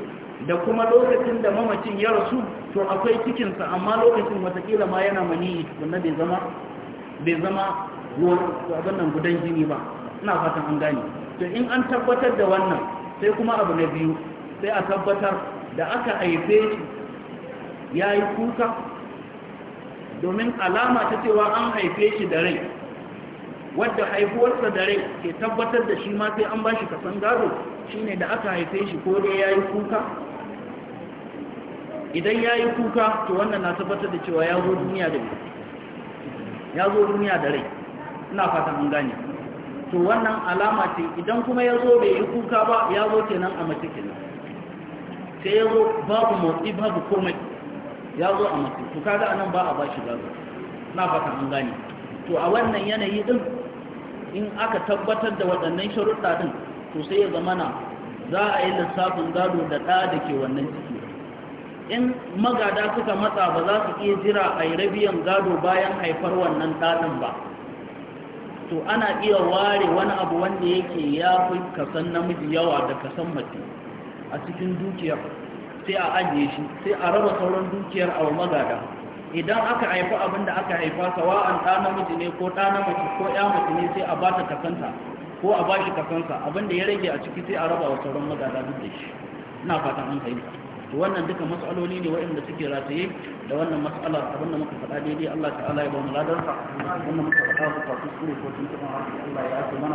da kuma lokacin da mamacin ya rasu to akwai cikinsa amma lokacin watakila ma yana maniyi wannan bai zama bai zama wannan gudan jini ba ina fatan an gane to in an tabbatar da wannan sai kuma abu na biyu sai a tabbatar da aka haife shi ya yi kuka domin alama ta cewa an haife shi da rai wadda haihuwarsa da rai ke tabbatar da shi ma sai an ba shi kasan gado shine da aka haife shi ko dai ya yi kuka idan ya yi kuka to wannan na tabbatar da cewa ya zo duniya da ya zo duniya da rai ina fatan an gane to wannan alama ce idan kuma ya zo bai yi kuka ba ya zo kenan a mace kenan sai ya zo babu motsi babu komai ya zo a mace to kaga anan ba a ba shi gado ina fatan an gane to a wannan yanayi din in aka tabbatar da waɗannan sharuɗa ɗin to sai ya na za a yi lissafin gado da ɗa da ke wannan ciki in magada suka matsa ba za su iya jira a yi rabiyan gado bayan haifar wannan ɗaɗin ba to ana iya ware wani abu wanda yake ya fi kasan namiji yawa da kasan mace a cikin dukiyar sai a ajiye shi sai a raba sauran dukiyar a magada idan aka haifa abin da aka haifa sawa'an ɗa namiji ne ko ɗa namiji ko ya mace ne sai a ba ta kasanta ko a ba shi kasansa abin da ya rage a ciki sai a raba wa sauran magada duk da shi ina fatan an fahimta to wannan duka matsaloli ne waɗanda suke rataye da wannan matsala abin da muka faɗa daidai Allah ta'ala ya ba mu ladarsa wannan muka faɗa ku kuskure ko tun tuban Allah ya ce mana